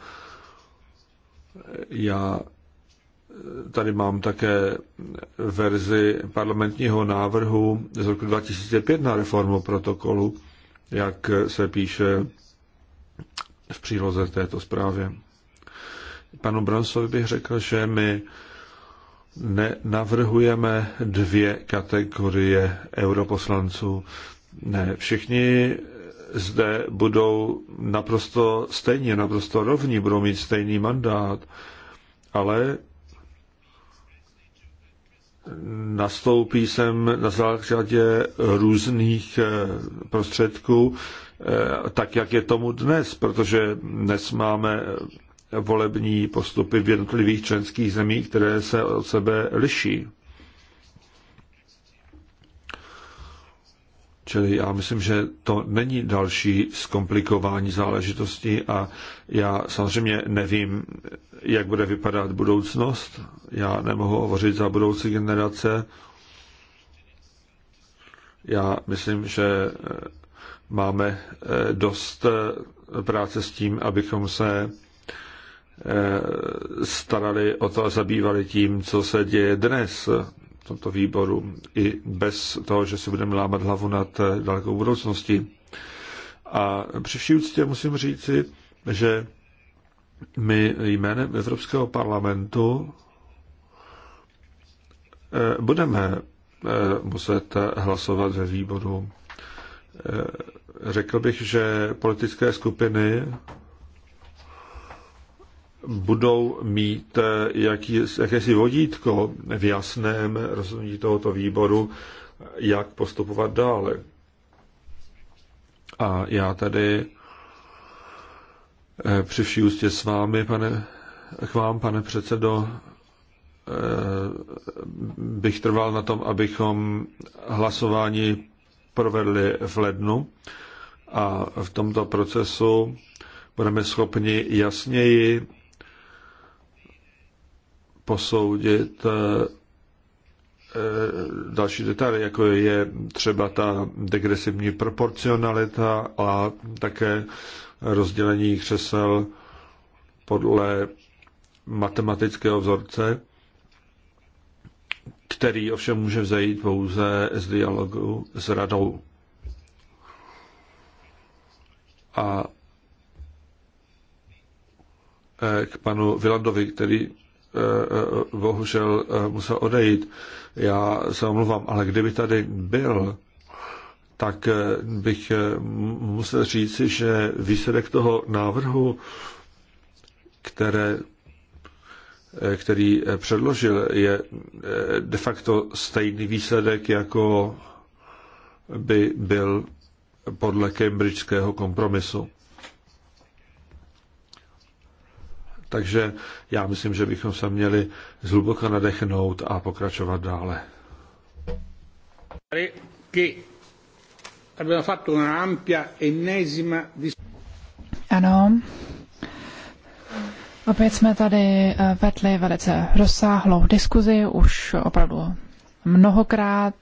já tady mám také verzi parlamentního návrhu z roku 2005 na reformu protokolu, jak se píše v příloze této zprávě. Panu Bransovi bych řekl, že my nenavrhujeme dvě kategorie europoslanců. Ne, všichni zde budou naprosto stejně, naprosto rovní, budou mít stejný mandát, ale nastoupí sem na základě různých eh, prostředků, eh, tak jak je tomu dnes, protože dnes máme volební postupy v jednotlivých členských zemích, které se od sebe liší. Čili já myslím, že to není další zkomplikování záležitosti a já samozřejmě nevím, jak bude vypadat budoucnost. Já nemohu hovořit za budoucí generace. Já myslím, že eh, máme eh, dost eh, práce s tím, abychom se Eh, starali o to a zabývali tím, co se děje dnes v tomto výboru, i bez toho, že si budeme lámat hlavu nad eh, dalekou budoucností. A při vší úctě musím říci, že my jménem Evropského parlamentu eh, budeme muset hlasovat ve výboru. Řekl bych, že politické skupiny budou mít eh, jaký, jakési vodítko v jasném rozhodnutí tohoto výboru, jak postupovat dále. A já tady eh, při vší ústě s vámi, pane, k vám, pane předsedo, eh, bych trval na tom, abychom hlasování provedli v lednu a v tomto procesu budeme schopni jasněji posoudit eh, eh, další detaily, jako je třeba ta degresivní proporcionalita a také rozdělení křesel podle matematického vzorce, který ovšem může vzejít pouze z dialogu s radou. A eh, k panu Vilandovi, který Eh, eh, bohužel eh, musel odejít. Já se omluvám, ale kdyby tady byl, tak bych musel říci, že výsledek toho návrhu, které, který předložil, je de facto stejný výsledek, jako by byl podle Cambridgeského kompromisu. Takže já myslím, že bychom se měli zhluboka nadechnout a pokračovat dále. Ano, opět jsme tady eh, vedli velice rozsáhlou diskuzi, už opravdu mnohokrát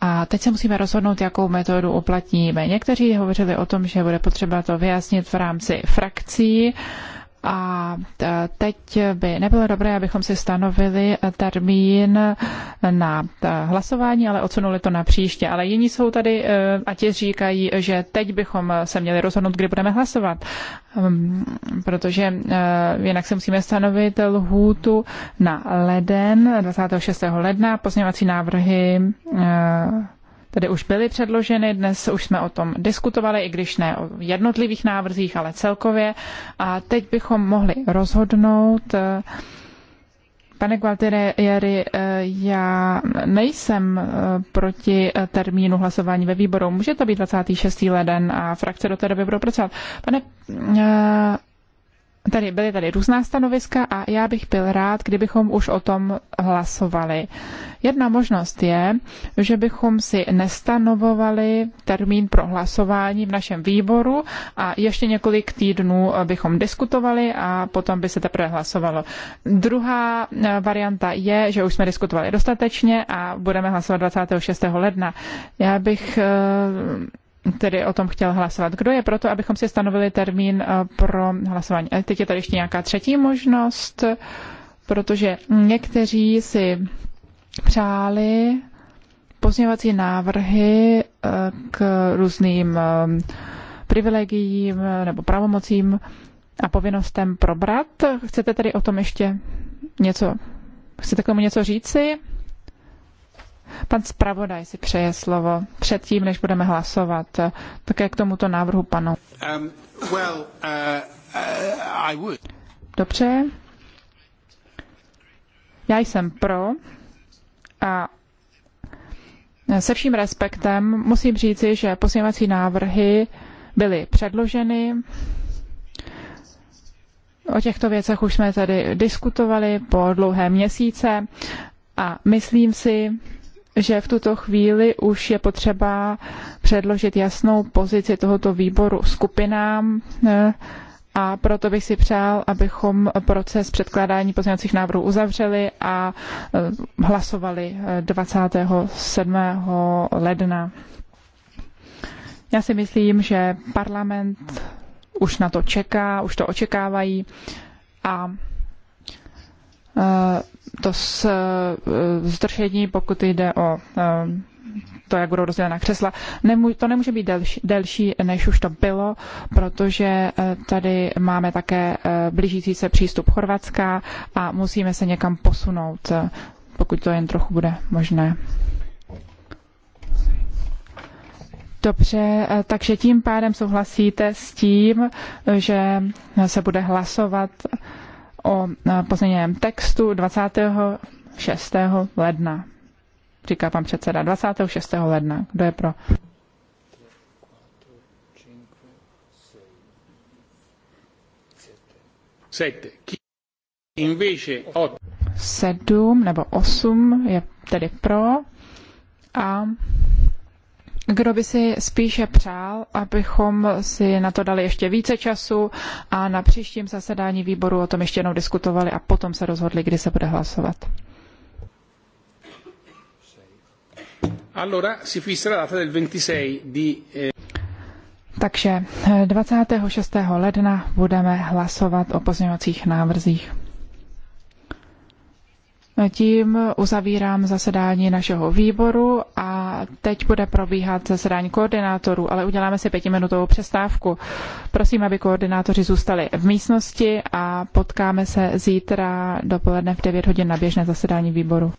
a teď se musíme rozhodnout, jakou metodu uplatníme. Někteří hovořili o tom, že bude potřeba to vyjasnit v rámci frakcí. A e, teď by nebylo dobré, abychom si stanovili termín na e, hlasování, ale odsunuli to na příště. Ale jiní jsou tady e, a ti říkají, že teď bychom se měli rozhodnout, kdy budeme hlasovat, ehm, protože jinak si musíme stanovit lhůtu na leden, 26. ledna, Poznávací návrhy tedy už byly předloženy. Dnes už jsme o tom diskutovali, i když ne o jednotlivých návrzích, ale celkově. A teď bychom mohli rozhodnout. Pane Gualtieri, já nejsem eh, proti eh, termínu hlasování ve výboru. Může to být 26. leden a frakce do té doby budou pracovat. Pane eh, tady byly tady různá stanoviska a já bych byl rád, kdybychom už o tom hlasovali. Jedna možnost je, že bychom si nestanovovali termín pro hlasování v našem výboru a ještě několik týdnů bychom diskutovali a potom by se teprve hlasovalo. Druhá eh, varianta je, že už jsme diskutovali dostatečně a budeme hlasovat 26. ledna. Já bych eh, tedy o tom chtěl hlasovat. Kdo je proto, abychom si stanovili termín eh, pro hlasování? Eh, teď je tady ještě nějaká třetí možnost, protože někteří si přáli pozměňovací návrhy eh, k různým privilegiím nebo pravomocím a povinnostem probrat. Chcete tedy o tom ještě něco, chcete k tomu něco říci? Pan zpravodaj si přeje slovo předtím, než budeme hlasovat, také k tomuto návrhu panu. Um, well, uh, uh, Dobře. Já jsem pro a se vším respektem musím říci, že posměvací návrhy byly předloženy. O těchto věcech už jsme tady diskutovali po dlouhé měsíce a myslím si, že v tuto chvíli už je potřeba předložit jasnou pozici tohoto výboru skupinám eh, a proto bych si přál, abychom proces předkládání pozměňovacích návrhů uzavřeli a eh, hlasovali 27. Eh, ledna. Já si myslím, že parlament už na to čeká, už to očekávají a to s, eh, zdržení, pokud jde o eh, to, jak budou rozdělena křesla. Nemů- to nemůže být delší, delší, než už to bylo, protože eh, tady máme také blížící se přístup Chorvatska a musíme se někam posunout, pokud to jen trochu bude možné. Dobře, takže tím pádem souhlasíte s tím, že se bude hlasovat o pozměněném textu 26. ledna. Říká pan předseda 26. ledna. Kdo je pro? Sedm nebo osm je tedy pro a kdo by si spíše přál, abychom si na to dali ještě více času a na příštím zasedání výboru o tom ještě jednou diskutovali a potom se rozhodli, kdy se bude hlasovat. Allora si fissa la data del 26 di eh, takže 26. Eh, ledna budeme hlasovat o pozměňovacích návrzích. Tím uzavírám zasedání našeho výboru a teď bude probíhat zasedání koordinátorů, ale uděláme si pětiminutovou přestávku. Prosím, aby koordinátoři zůstali v místnosti a potkáme se zítra dopoledne v 9 hodin na běžné zasedání výboru.